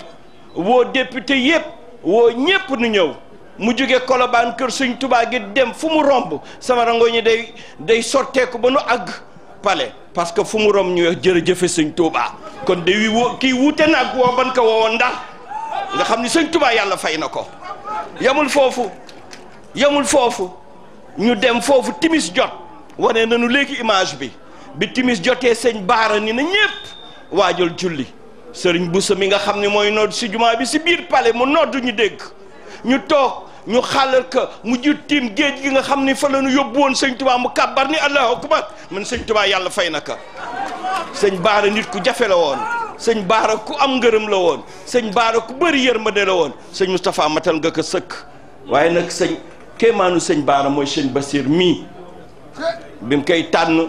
woo député yëpp woo ñëpp nu ñëw mu jóge kolobaan kër suñ tubaa gi dem fu mu romb sama rango ñi day day sotteeku ba nu àgg pale parce que fu mu romb ñu wax jërëjëfe suñ tubaa kon day woo kii wuute nag woo ban ko woowoon ndax nga xam ni suñ tubaa yàlla fay na ko yamul foofu yamul foofu ñu dem foofu timis jot wane nañu léegi image bi bi timis jotee sëñ baara ni na ñëpp waajal julli sëriñ Bousso mi nga xam ne mooy nodd si jumaa bi si biir pale mu nodd ñu dégg ñu toog ñu xaalal ka mu jur tiim géej gi nga xam ni fa la ñu yóbbu woon sëñ Tuubaa mu kàbbar ni ku akbar man sëñ Tuubaa yàlla fay na ka sëñ Baara nit ku jafe la woon sëñ Baara ku am ngërëm la woon sëñ Baara ku bëri yërmande la woon sëñ Moustapha matal nga ko sëkk waaye nag sëñ kéemaanu sëñ Baara mooy sëñ Basiir mii bi mu koy tànn.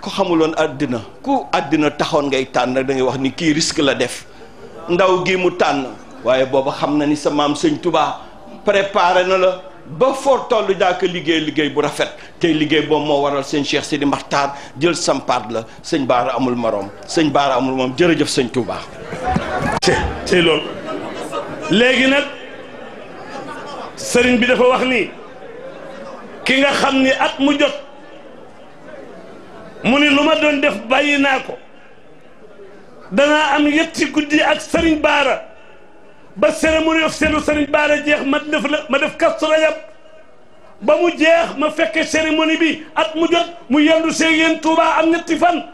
ku xamuloon àddina ku àddina taxoon ngay tànn da ngay wax ni kii risque la def ndaw gi mu tànn waaye booba xam na ni sa maam sëñ tubaa préparé na la ba foo toll daaka liggéey liggéey bu rafet tey liggéey boobu moo waral sëñ Cheikh Sidi Maxtaar jël sampaat la sëñ Baara amul moroom sëñ Baara amul moom jërëjëf sëñ Touba. léegi nag sëriñ bi dafa wax ni ki nga xam ni at mu jot. mu ni lu ma doon def bàyyi naa ko danaa am yetti guddi ak sëriñ baara ba cérémonie officielle sëriñ baara jeex ma def la ma def kastu rajab ba mu jeex ma fekke cérémonie bi at mu jot mu yendu see yéen Touba am ñetti fan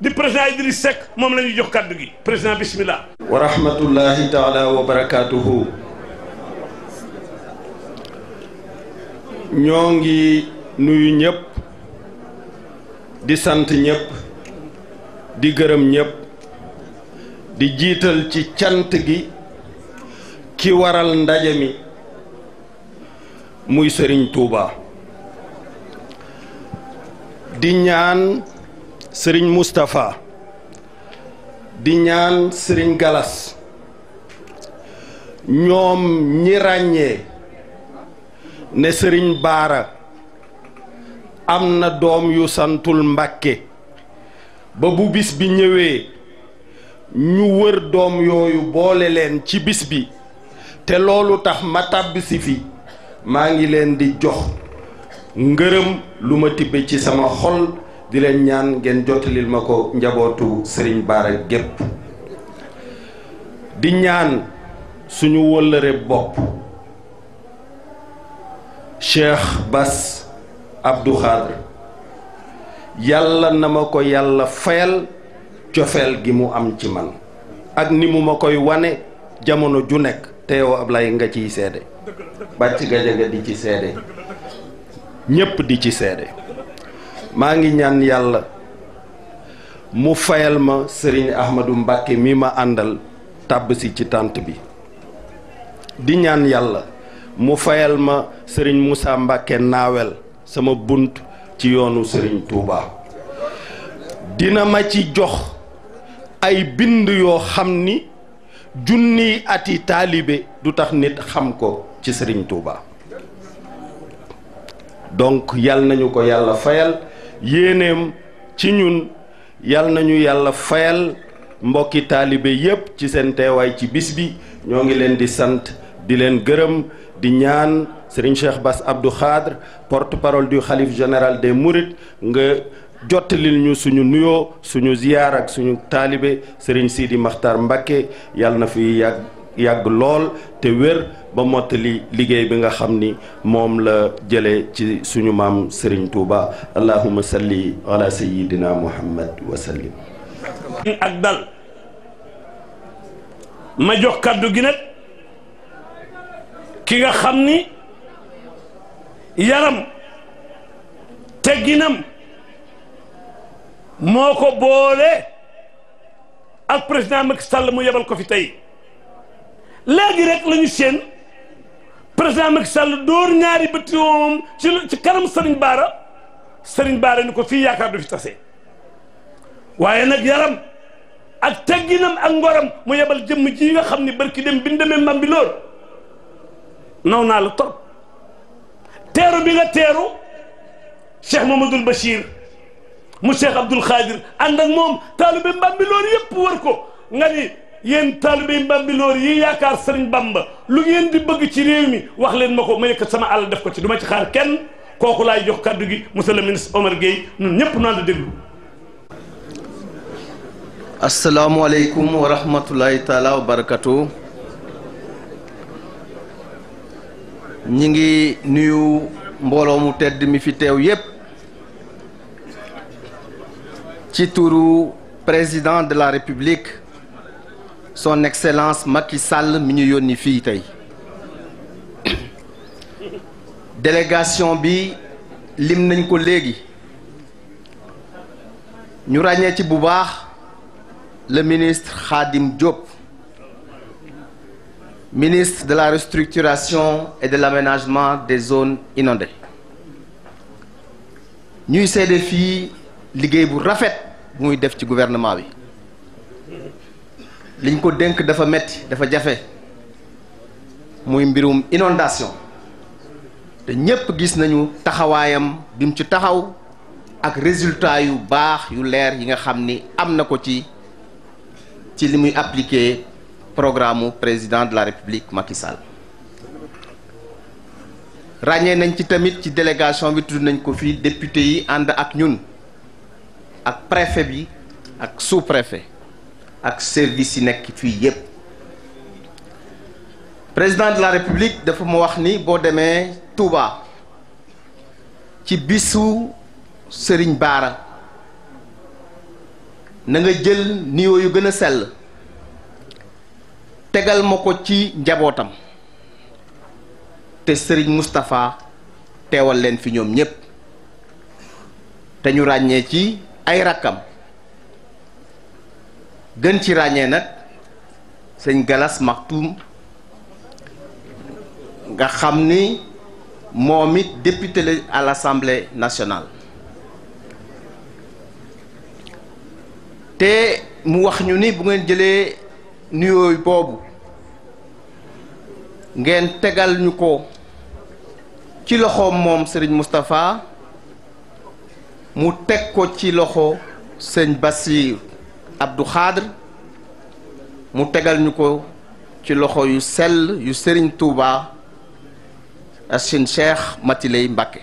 di président Idriss Seck moom la jox kàddu gi président bismillah wa rahmatullahi taala wa barakaatuhu ñoo ngi nuyu ñëpp di sant ñëpp di gërëm ñépp di jiital ci cant gi ki waral ndaje mi muy sëriñ Touba di ñaan sëriñ Moustapha di ñaan sëriñ Galas ñoom ñi ràññee ne sëriñ Baara. am na doom yu santul mbàkke ba bu bis bi ñëwee ñu wër doom yooyu boole leen ci bis bi te loolu tax ma tàbb fi maa ngi leen di jox ngërëm lu ma tibbe ci sama xol di leen ñaan ngeen jottalil ma ko njabootu Serigne Bara gépp di ñaan suñu wëllëre bopp Cheikh Abdou yàlla na ma ko yàlla fayal cofeel gi mu am ci man ak ni mu ma koy wane jamono ju nekk te yow Ablaye nga ciy seede bàcc gajaga di ci seede ñépp di ci seede maa ngi ñaan yàlla mu fayal ma sëriñ Ahmadou Mbàkke mi ma àndal tàbb ci tànt bi di ñaan yàlla mu fayal ma sëriñ Moussa Mbàkke naawel sama bunt ci yoonu Serigne Touba dina ma ci jox ay bind yoo xam ni junniy ati taalibe du tax nit xam ko ci Serigne Touba donc yal nañu ko yàlla fayal yéeneem ci ñun yal nañu yàlla fayal mbokki taalibe yépp ci seen teewaay ci bis bi ñoo ngi leen di sant di leen gërëm di ñaan Serigne Cheikh Bass Abdou Khadre porte-parole du khalife général de Mourides nga jottalil ñu suñu nuyoo suñu ziyaar ak suñu taalibe sëriñ Sidi Makhtar Mbacké yàlla na fi yàgg lool te wér ba mottali liggéey bi nga xam ni moom la jële ci suñu maam Serigne Touba allahumma salli ala sayyidina muhammad ak dal ma jox kaddu gi ki nga xam ni yaram tegginam moo ko boole ak président Macky Sall mu yebal ko fi tey léegi rek la seen président Macky Sall dóor ñaari bëti moom ci ci kanam Serigne Bara Serigne Bara ni ko fii yaakaar du fi tase waaye nag yaram ak tegginam ak ngoram mu yebal jëmm ji nga xam ni bërki dem bi ñu demee naw naa la trop. teeru bi nga teeru cheikh mamadul bachir mu cheikh abdul xaadir ànd ak moom taalibe mbambiloor yëpp wër ko nga ni yéen taalibe mbambiloor yi yaakaar sëriñ bamba lu ngeen di bëgg ci réew mi wax leen ma ko ma nekk sama àll def ko ci du ma ci xaar kenn kooku laay jox kàddu gi monsieur le ministre Omar Gueye ñun ñëpp naan la déglu asalaamualeykum wa rahmatulahi taala ñi ngi nuyu mbooloo mu tedd mi fi teew yépp ci turu président de la république son excellence Macky Sall mi ñu yónni fii tey délégation bi lim nañ ko léegi ñu ràññee ci bu baax le ministre Khadim Diop ministre de la restructuration et de l'aménagement des zones inondées ñuy seede fii liggéey bu rafet bu muy def ci gouvernement bi liñ ko dénk dafa metti dafa jafe muy mbirum inondation te ñépp gis nañu taxawaayam bi mu ci taxaw ak résultat yu baax yu leer yi nga xam ni am na ko ci ci li muy appliquer programme mu président de la république Macky Sall ràññee nañ ci tamit ci délégation bi tudd nañ ko fii député yi ànd ak ñun ak préfet bi ak sous ak service yi nekk fii yépp président de la république dafa ma wax ni boo demee Touba ci bisu sëriñ Baara na nga jël nuyoo yu gën a sell tegal ma ko ci njabootam te Serigne Moustapha teewal leen fi ñoom ñépp te ràññee ci ay rakkam gën ci ràññee nag sëñ Galas Maktoum nga xam ni moom it député la l'Assemblée nationale te mu wax ñu ni bu ngeen jëlee nuyooy boobu ngeen tegal ñu ko ci loxoom moom sëriñ Moustapha mu teg ko ci loxo sëñ Bassir Abdou Khadr mu tegal ñu ko ci loxo yu sell yu sëriñ Touba ak sëñ Cheikh lay Mbacké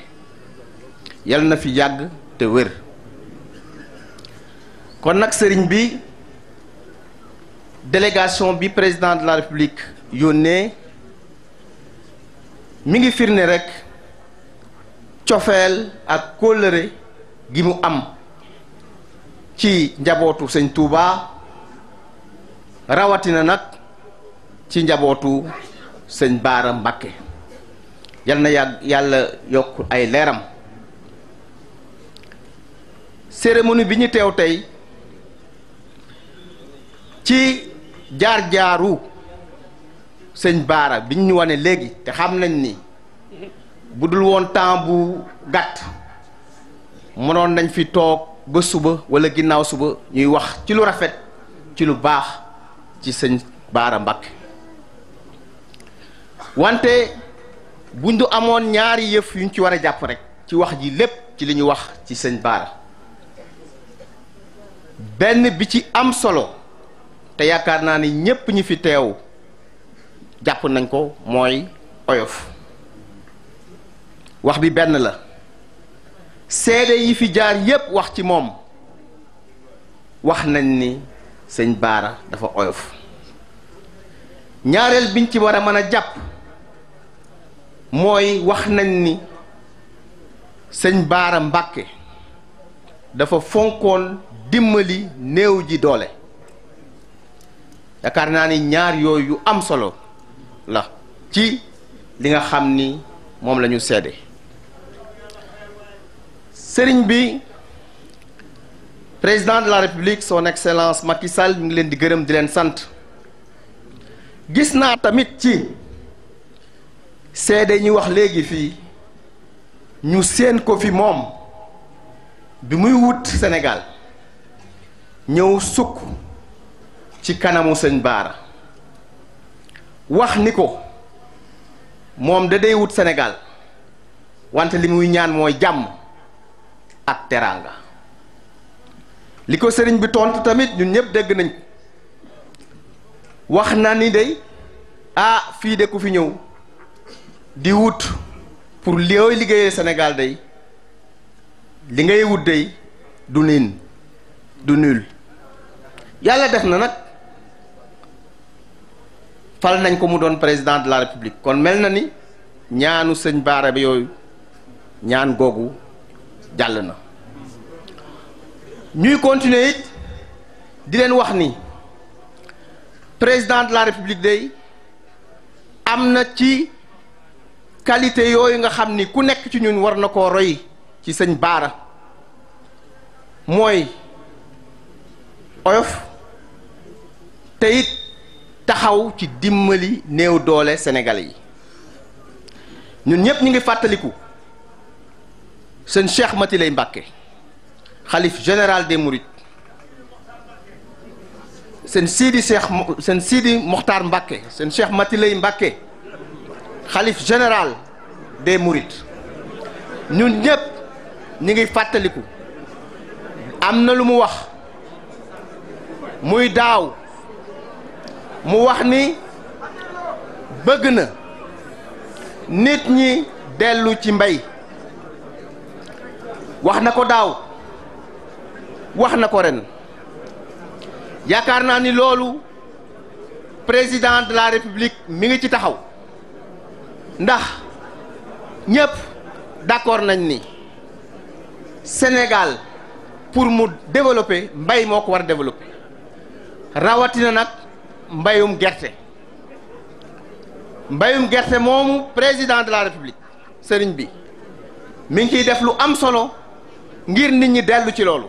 yal na fi yàgg te wér kon nag sëriñ bi délégation bi président de la république yónnee mi ngi firnde rekk cofeel ak kóllëre gi mu am ci njabootu sëñ Touba rawatina nag ci njabootu sëñ Baara Mbàkke yal na yàlla yokk ay leeram cérémonie bi ñu teew tey ci jaar-jaaru sëñ Baara biñ ñu wane léegi te xam nañ ni bu dul woon temps bu gàtt mënoon nañu fi toog ba suba wala ginnaaw suba ñuy wax ci lu rafet ci lu baax ci sëñ Baara Mbàkke wante buñ du amoon ñaari yëf yuñ ci war a jàpp rekk ci wax ji lépp ci li ñuy wax ci sëñ Baara benn bi ci am solo te yaakaar naa ni ñépp ñi fi teew jàpp nañ ko mooy oyof wax bi benn la seede yi fi jaar yépp wax ci moom wax nañ ni sëñ Baara dafa oyof ñaareel biñ ci war a mën a jàpp mooy wax nañ ni sëñ Baara Mbàkke dafa fonkoon dimmali néew ji doole yaakaar naa ni ñaar yooyu yu am solo la ci li nga xam ni moom lañu ñu seede sëriñ bi président de la république son excellence Macky Sall ñu ngi leen di gërëm di leen sant gis naa tamit ci seede ñuy wax léegi fii ñu seen ko fi moom bi muy wut Sénégal ñëw sukk ci kanamu sëñ Baara wax ni ko moom da day wut Sénégal wante li muy ñaan mooy jàmm ak teraanga li ko sëriñ bi tontu tamit ñun ñëpp dégg nañ wax na ni day ah fii de ku fi ñëw di wut pour looy liggéeyee Sénégal day li ngay wut day du niin du nul yàlla def na nag fal nañ ko mu doon président de la république kon mel na ni ñaanu sëñ Baara bi yooyu ñaan googu jàll na ñuy continuer it di leen wax ni président de la république day am na ci qualité yooyu nga xam ni ku nekk ci ñun war na koo roy ci sëñ Baara mooy oyof te it taxaw ci dimbali néew doole Sénégalais yi ñun ñëpp ñu ngi fàttaliku sëñ Cheikh Mati lay Mbàkke xalif général des Mourides seen Sidi Cheikh seen Mbàkke Cheikh Mati lay Mbàkke xalif général de Mourides ñun ñëpp ñu ngi fàttaliku am na lu mu wax muy daaw. mu wax ni bëgg na nit ñi dellu ci mbay wax na ko daaw wax na ko ren yaakaar naa ni loolu président de la république mi ngi ci taxaw ndax ñépp d'accord nañ ni Sénégal pour mu développé mbay moo ko war a développer rawatina nag mbayum gerte mbayum gerte moomu président de la république sëriñ bi mi ngi ciy def lu am solo ngir nit ñi dellu ci loolu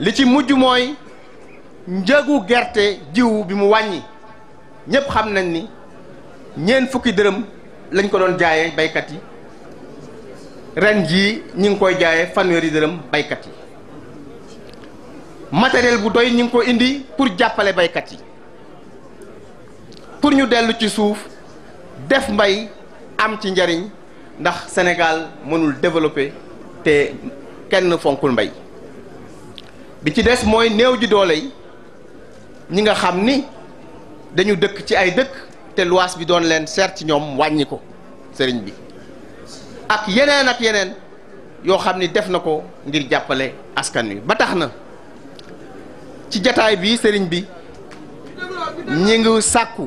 li ci mujj mooy njëgu gerte jiw bi mu wàññi ñëpp xam nañ ni ñeent fukki dërëm lañ ko doon jaayee baykat yi ren jii ñi ngi koy jaayee fanweeri dërëm baykat yi matériel bu doy ñu ngi ko indi pour jàppale baykat yi pour ñu dellu ci suuf def mbay am ci njariñ ndax Sénégal mënul développer te kenn fonkul mbay bi ci des mooy néew ji doole yi ñi nga xam ni dañu dëkk ci ay dëkk te luwaas bi doon leen seet ci ñoom wàññi ko sëriñ bi ak yeneen ak yeneen yoo xam ni def na ko ngir jàppale askan wi ba tax na ci jataay bi sëriñ bi ñi ngi sàkku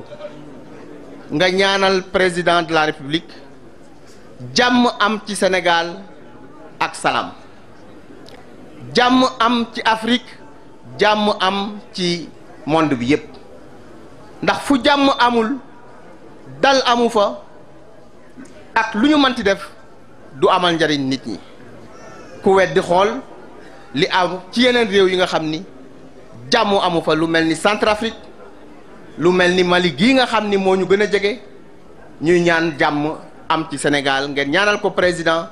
nga ñaanal président de la république jàmm am ci Sénégal ak salaam jàmm am ci Afrique jàmm am ci monde bi yépp ndax fu jàmm amul dal amu fa ak lu ñu mënti def du amal njariñ nit ñi ku weddi xool li am ci yeneen réew yi nga xam ni jàmm amu fa lu mel ni Centrafrique lu mel ni Mali gii nga xam ni moo ñu gën a jege ñuy ñaan jàmm am ci senegal ngeen ñaanal ko président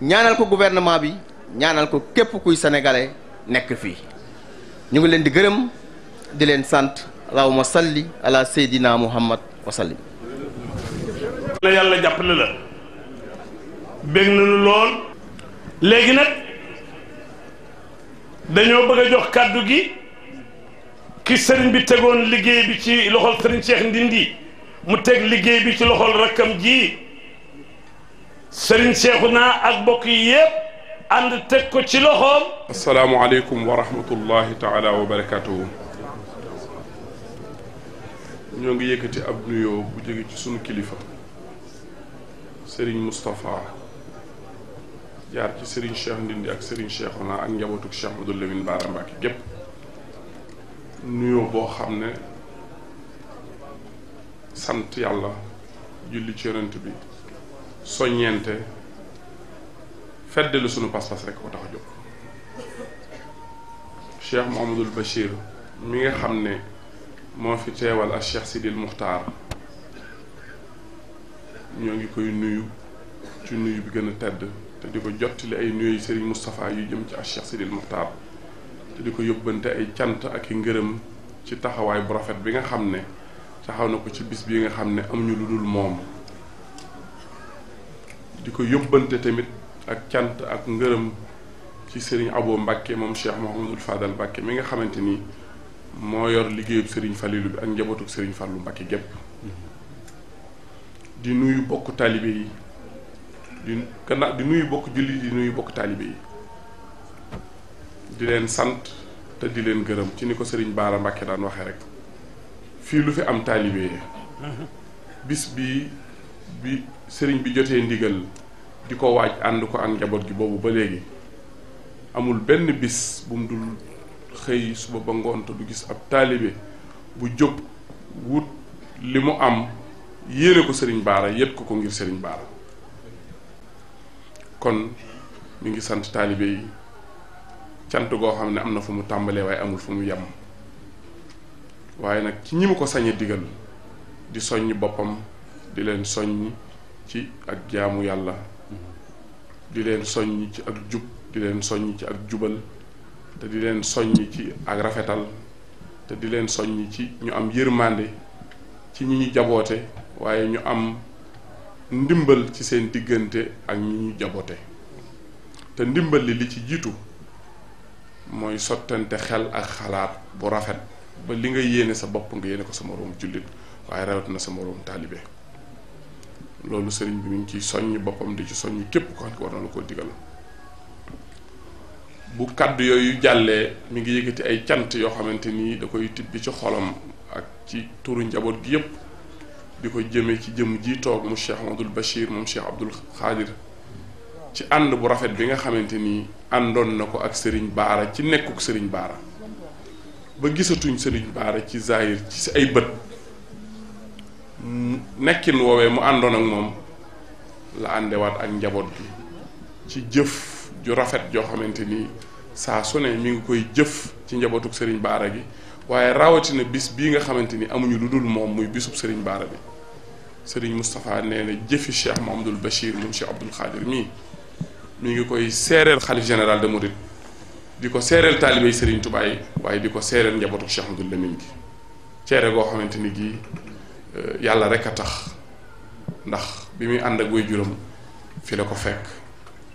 ñaanal ko gouvernement bi ñaanal ko képp kuy sénégalais nekk fii ñu ngi leen di gërëm di leen sant rawma salli ala seydina muhammad wa sallim na yàlla jàppale la bég nañu lool léegi nag dañoo bëgg a jox kàddu gi ki sëriñ bi tegoon liggéey bi ci loxol sëriñ Cheikh Ndindi mu teg liggéey bi ci loxol rakkam ji sëriñ naa ak mbokk yi yëpp teg ko ci loxoom. asalaamualeykum wa rahmatullahi taala wa barakatuhu. ñoo ngi yëkkati ab nuyoo bu jóge ci sunu kilifa. sëriñ Moustapha jaar ci sëriñ Cheikh Ndindi ak sëriñ Cheikhouna ak njabootu Cheikh Abdoul Lamine Bara Mbacké gépp nuyoo boo xam ne sant yàlla julli ci yonent bi soññeente feddali sunu pas-pas rek ko tax a jóg Cheikh Mouhamadul Bachir mi xam ne moo fi teewal ak Cheikh Sidil Muxtaar ñoo ngi koy nuyu ci nuyu bi gën a tedd te di ko jottali ay nuyu Serigne Moustapha yu jëm ci ak Cheikh Sidil Muxtaar te di ko yóbbante ay cant ak i ngërëm ci taxawaay bu rafet bi nga xam ne taxaw na ko ci bis bi nga xam ne amuñu lu dul moom di ko yóbbante tamit ak cant ak ngërëm ci sëriñ aboo Mbàkke moom Cheikh Mouhamadul Fadal Mbàkke mi nga xamante ni moo yor liggéeyub sëriñ Falilu bi ak njabootuk sëriñ Fallu Mbàkke gépp di nuyu bokk taalibe yi di gannaaw di nuyu bokk julli di nuyu bokk taalibe yi di leen sant te di leen gërëm ci ni ko sëriñ Baara Mbàkke daan waxee rek fii lu fi am taalibe bis bi bi sëriñ bi jotee ndigal di ko waaj ànd ko ak njaboot gi boobu ba léegi amul benn bis bu mu dul xëy suba ba ngoon du gis ab taalibe bu jóg wut li mu am yéene ko sëriñ Baara yët ko ko ngir sëriñ Baara kon mu ngi sant taalibe yi cant goo xam ne am na fu mu tàmbalee waaye amul fu mu yem waaye nag ci ñi mu ko sañe digal di soññ boppam di leen soññ ci ak jaamu yàlla di leen soññ ci ak jub di leen soññ ci ak jubal te di leen soññ ci ak rafetal te di leen soññ ci ñu am yërmande ci ñi ñu jaboote waaye ñu am ndimbal ci seen diggante ak ñi ñu jaboote te ndimbal li li ci jiitu mooy sottante xel ak xalaat bu rafet ba li nga yéene sa bopp nga yéene ko sa moroom jullit waaye rawet na sa moroom taalibe loolu sëriñ bi mu ngi soññ boppam di ci soññ képp ko xam ne war na la koo digal bu kàddu yooyu jàllee mu ngi yëkkati ay cant yoo xamante nii da koy tibbi ci xolam ak ci turu njaboot gi yépp di ko jëmee ci jëm ji toog mu Cheikh Amadou Bachir moom Cheikh Abdoul Khadir ci ànd bu rafet bi nga xamante nii àndoon na ko ak sëriñ baara ci nekkuk sëriñ baara ba gisatuñ sëriñ baara ci zahir ci si ay bët mm, nekkin woowee mu àndoon ak moom la àndewaat ak njaboot gi ci jëf ju rafet joo xamante ni saa su ne mi ngi koy jëf ci njabootuk sëriñ baara gi waaye rawatina bis bii nga xamante ni amuñu lu dul moom muy bisub sëriñ baara bi sëriñ Moustapha nee na jëfi Cheikh Mouhamadoul Bachir moom Cheikh Abdoul Khadir mii ñu ngi koy seereel xalis général de Mouride di ko seereel taalibe sëriñ Touba yi waaye di ko seereel njabootu Cheikh Abdoul Lamine gi ceere goo xamante ni gii euh, yàlla rek a tax ndax bi muy ànd ak way juróom fi la ko fekk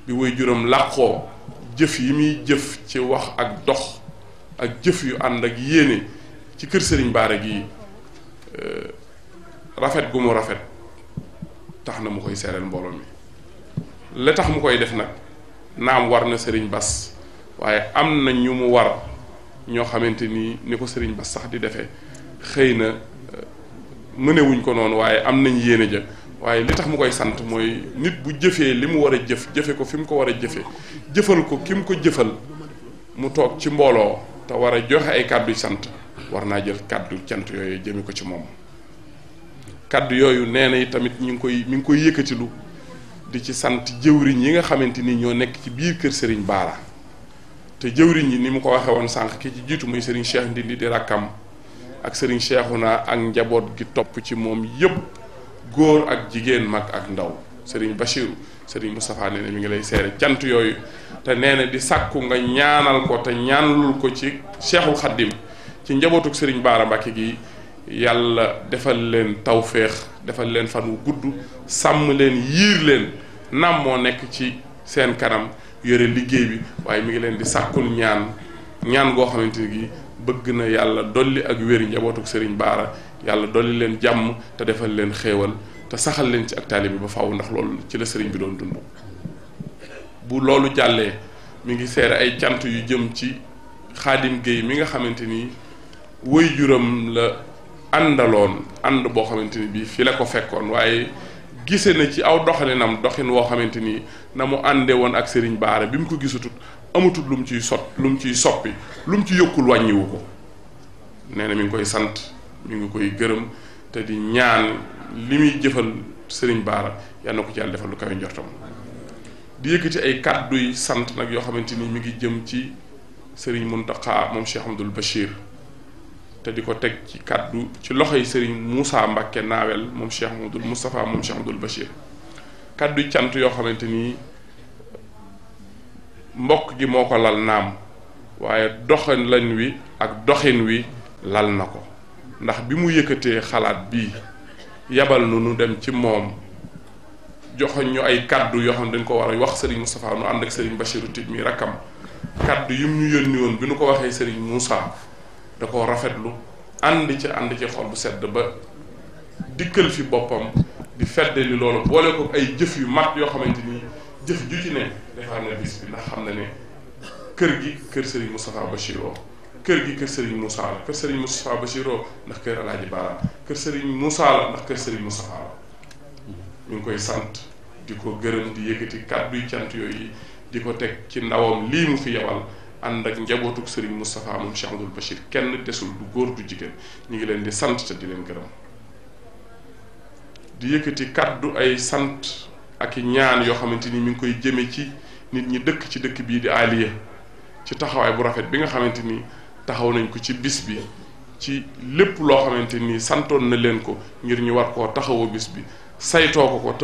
bi woy juróom làqoo jëf yi muy jëf ci wax ak dox ak jëf yu ànd ak yéene ci kër Serigne Bara gi euh, rafet gu mu rafet tax na mu koy seereel mbooloo mi la tax mu koy def nag naam war na sëriñ bas waaye am na ñu mu war ñoo xamante ni ni ko sëriñ Bass sax di defee xëy na euh, mënewuñ ko noonu waaye am nañ yéene ja waaye li tax mu koy sant mooy nit bu jëfee li mu war a jëf jëfe ko fi mu ko war a jëfe jëfal ko ki mu ko jëfal mu toog ci mbooloo te war a joxe ay kàddu sant war naa jël kàddu cant yooyu jëme ko ci moom kàddu yooyu nee na tamit ñu ngi koy mi ngi koy yëkkatilu di ci sant jëwriñ yi nga xamante ni ñoo nekk ci biir kër Serigne Baara te jëwriñ yi ni mu ko waxee woon sànq ki ci jiitu muy Serigne Cheikh Ndindi di rakkam ak sëriñ Serigne naa ak njaboot gi topp ci moom yépp góor ak jigéen mag ak ndaw sëriñ Bachirou Serigne Moustapha nee mu ngi lay seere cant yooyu te nee na di sàkku nga ñaanal ko te ñaanlul ko ci Cheikhul xaddim ci njabootuk Serigne Baara mbakki gi. yàlla defal leen tawféex defal leen fan wu gudd sàmm leen yiir leen naam moo nekk ci seen kanam yore liggéey bi waaye mi ngi leen di sàkkul ñaan ñaan goo xamante ni gi bëgg na yàlla dolli ak wér njabootuk sëriñ baara yàlla dolli leen jàmm te defal leen xéewal te saxal leen ci ak taali bi ba faw ndax loolu ci la sëriñ bi doon dund bu loolu jàllee mi ngi seere ay cant yu jëm ci xaadim géey mi nga xamante ni wëy juram la àndaloon ànd boo xamante ni bii fii la ko fekkoon waaye gise na ci aw doxalinam doxin woo xamante ni na mu àndee woon ak sëriñ Baara bi mu ko gisatut amatul lu mu ciy sot lu mu ciy soppi lu mu ci yokkul wàññiwu ko nee na mi ngi koy sant mi ngi koy gërëm te di ñaan li muy jëfal sëriñ Baara yal na ko ci yàlla defal lu kawe di yëkkati ay kàdduy sant nag yoo xamante ni mi ngi jëm ci Serigne Mountakha moom Cheikh Amadou Bachir. te di ko teg ci kàddu ci yi sëriñ Moussa Mbacke naawel moom Cheikh Mouhamadoul Moustapha moom Cheikh Mouhamadoul Bachir kàddu cant yoo xamante ni mbokk gi moo ko lal naam waaye doxin lañ wi ak doxin wi lal na ko ndax bi mu yëkkatee xalaat bi yabal na nu dem ci moom joxoñ ñu ay kaddu yoo xam dañ ko war a wax sëriñ Moustapha nu ànd ak sëriñ Bachirou Tib mi rakkam kàddu yim ñu yónni woon bi nu ko waxee sëriñ Moussa da koo rafetlu ànd ci ànd ca xol bu sedd ba dikkal fi boppam di fedde li loolu boole ay jëf yu mag yoo xamante ni jëf ju ci ne defar na bis bi ndax xam na ne kër gi kër Serigne Moustapha Bachir kër gi kër Serigne Moussa la kër Serigne Moustapha Bachir ndax kër El Hadj Bara kër Serigne Moussa ndax kër Serigne Moustapha la ñu ngi koy sant di ko gërëm di yëkkati kàddu yu cant yooyu di ko teg ci ndawam lii mu fi yabal. ànd ak njabootuk sëriñ Moustapha moom Cheikh Abdoul Bachir kenn desul du góor du jigéen ñu ngi leen di sant te di leen gërëm di yëkkati kàddu ay sant ak ñaan yoo xamante ni mi ngi koy jëme ci nit ñi dëkk ci dëkk bii di Aliya ci taxawaay bu rafet bi nga xamante ni taxaw nañ ko ci bis bi ci lépp loo xamante ni santoon na leen ko ngir ñu war koo taxawoo bis bi saytoo ko ko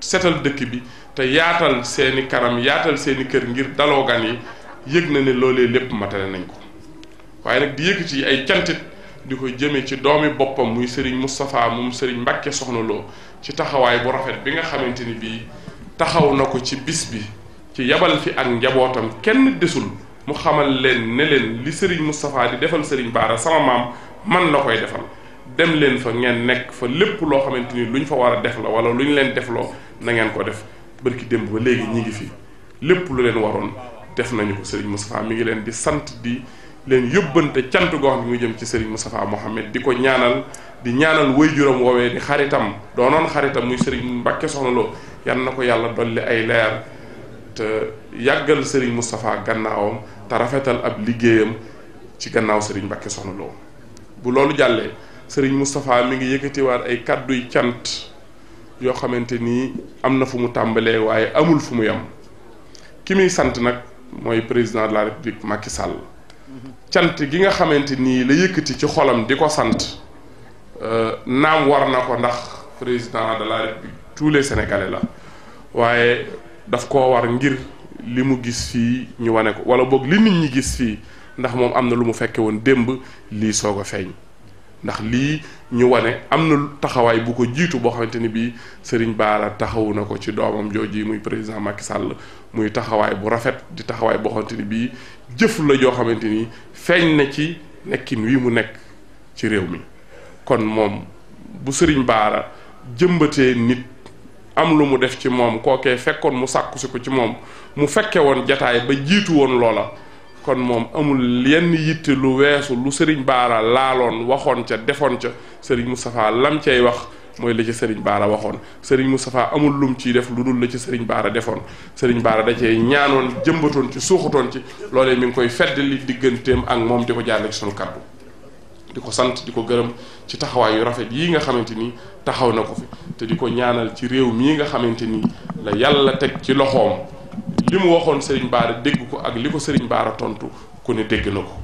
setal dëkk bi te yaatal seeni kanam yaatal seeni kër ngir daloo gan yi yëg na ne loolee lépp matale nañ ko waaye nag di yëg ci ay cantit di ko jëmee ci doomi boppam muy Serigne Moustapha moom Serigne Mbacke Soxna Lo ci taxawaay bu rafet bi nga xamante ni bii taxaw na ko ci bis bi ci yabal fi ak njabootam kenn desul mu xamal leen ne leen li Serigne Moustapha di defal Serigne Baara sama maam man la koy defal dem leen fa ngeen nekk fa lépp loo xamante ni lu ñu fa war a def la wala lu ñu leen defloo na ngeen ko def bërki démb ba léegi ñi fi lépp lu leen waroon def nañu ko Serigne Moustapha mi ngi leen di sant di leen yóbbante cant goo xam mu jëm ci Serigne Moustapha Mohamed di ko ñaanal di ñaanal waajuram woowee di xaritam doo doonoon xaritam muy Serigne Mbacke Soxna Lo yan na ko yàlla dolli ay leer te yàggal Serigne Moustapha gannaawam te rafetal ab liggéeyam ci gannaaw Serigne Mbacke bu loolu jàllee Serigne Moustapha mu ngi yëkkatiwaat ay kàdduy cant yoo xamante nii am na fu mu tàmbalee waaye amul fu mu yem ki muy sant nag. mooy président de la république Macky Sall cant gi nga xamante nii la yëkkati ci xolam di ko sant euh, naam war na ko ndax président de la république tous les sénégalais la waaye daf koo war ngir li mu gis fii ñu wane ko wala boog li nit ñi gis fii ndax moom am na lu mu fekkee woon démb lii soog a feeñ ndax lii ñu wane am na taxawaay bu ko jiitu boo xamante ni bii Serigne baara taxawu na ko ci doomam jooj jooju muy président Macky sàll muy taxawaay bu rafet di taxawaay boo bii jëf la joo xamante ni feeñ na ci nekkin wi mu nekk ci réew mi kon moom bu sëriñ baara jëmbatee nit am lu mu def ci moom kookee fekkoon mu sàkku si ko ci moom mu fekke woon jataay ba jiitu woon loola kon moom amul yenn yitte lu weesu lu sëriñ baara laaloon waxoon ca defoon ca sëriñ Moustapha lam cay wax mooy la ci sëriñ baara waxoon sëriñ Moustapha amul lum ciy def lu dul la ci sëriñ baara defoon sëriñ baara da cee ñaanoon jëmbatoon ci suuxatoon ci loolee mi ngi koy fedd digganteem ak moom di ko jaarale ci sunu di ko sant di ko gërëm ci taxawaay yu rafet yii nga xamante ni taxaw na ko fi te di ko ñaanal ci réew mii nga xamante ni la yàlla teg ci loxoom li mu waxoon sëriñ baara dégg ko ak li ko sëriñ baara tontu ku ne dégg na ko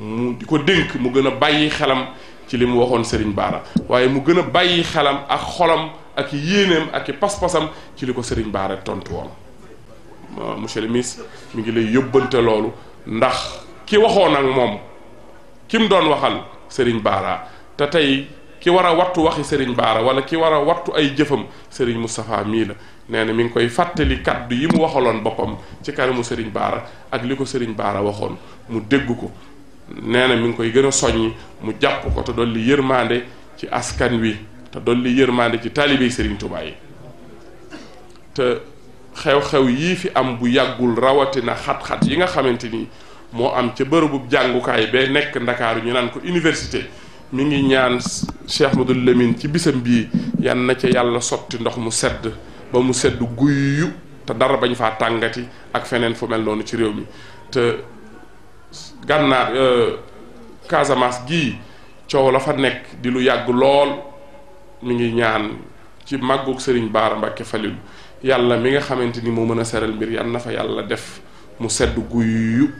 mu di ko dénk mu gën a bàyyi xelam ci li mu waxoon Serigne baara waaye mu gën a bàyyi xelam ak xolam ak yéeneem ak pas-pasam ci li ko Serigne Bara tontu woon monsieur le ministre mi ngi lay yóbbante loolu ndax ki waxoon ak moom ki doon waxal Serigne Bara te tey ki war a wattu waxi Serigne baara wala ki war a wattu ay jëfam Serigne Moustapha mii la nee na mi ngi koy fàttali kàddu yi mu waxaloon boppam ci kanamu Serigne baara ak li ko Serigne baara waxoon mu dégg ko. nee na mi ngi koy gën a soññi mu jàpp ko te dolli yërmande ci askan wi te dolli yërmande ci taalibe Serigne Touba te xew-xew yii fi am bu yàggul rawatina xat-xat yi nga xamante ni moo am ca bërëbu jàngukaay bee nekk ndakaaru ñu naan ko université mi ngi ñaan Cheikh Madul Lamine ci bisam bii yan na ci yàlla sotti ndox mu sedd ba mu sedd guyyu te dara bañ faa tàngati ak feneen fu mel noonu ci réew mi te gànnaar euh, Casamance gi coow la fa nekk di lu yàgg lool mi ngi ñaan ci màggug sëriñ Baara Mbàkke Falilu yàlla mi nga xamante ni moo mën a seral mbir yal na fa yàlla def mu sedd guyu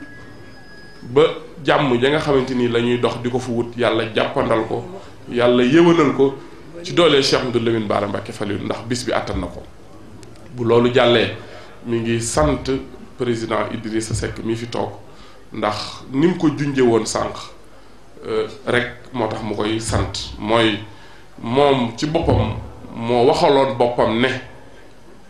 ba jàmm ja nga xamante ni lañuy dox di ko fa wut yàlla jàppandal ko yàlla yëwanal ko ci doolee Cheikh Mouhamadou Lamine Bara Mbacké Falilou ndax bis bi àttan na ko bu loolu jàllee mi ngi sant président Idrissa Seck mi fi toog ndax ni mu ko junje woon sànq euh, rek moo tax mu koy sant mooy moom ci boppam moo waxaloon boppam ne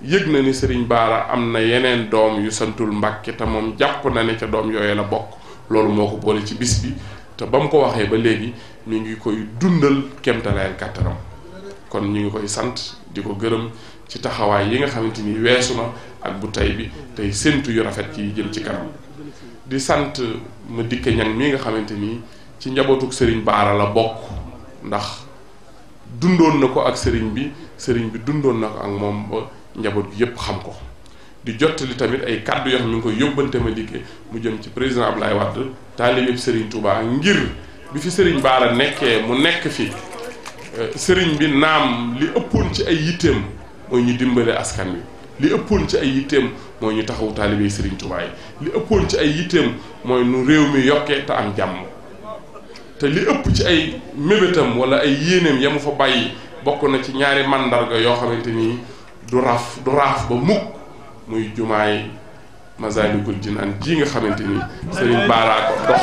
yëg na ni sëriñ baara am na yeneen doom yu santul Mbàkke te moom jàpp na ne ca doom yooyu la bokk loolu moo ko boole ci bis bi te ba mu ko waxee ba léegi ñu ngi koy dundal kemtalaayal kàttanam kon ñu ngi koy sant di ko gërëm ci taxawaay yi nga xamante ni weesuma ak bu tey bi tey séntu yu rafet yi jëm ci kanam di sant ma dikke ñang mii nga xamante ni ci njabootuk sëriñ baara la bokk ndax dundoon na ko ak sëriñ bi sëriñ bi dundoon na ko ak moom ba njaboot gi yépp xam ko di jottali tamit ay kàddu yoo xam mi ngi koy yóbbante ma dikke mu jëm ci président Abdoulaye Wade taalibeeb sëriñ Touba ngir bi fi sëriñ baara nekkee mu nekk fi euh, sëriñ bi naam li ëppoon ci ay yitteem mooy ñu dimbale askan wi li ëppoon ci ay yitteem mooy ñu taxawu taalibe Serigne Touba yi li ëppoon ci ay yitteem mooy nu réew mi yokkee te am jàmm te li ëpp ci ay mébétam wala ay yéeneem yamu mu fa bàyyi bokk na ci ñaari mandarga yoo xamante ni du raaf du raaf ba mukk muy jumaay Masaalikul Jinaan ji nga xamante ni Serigne Bara ko dox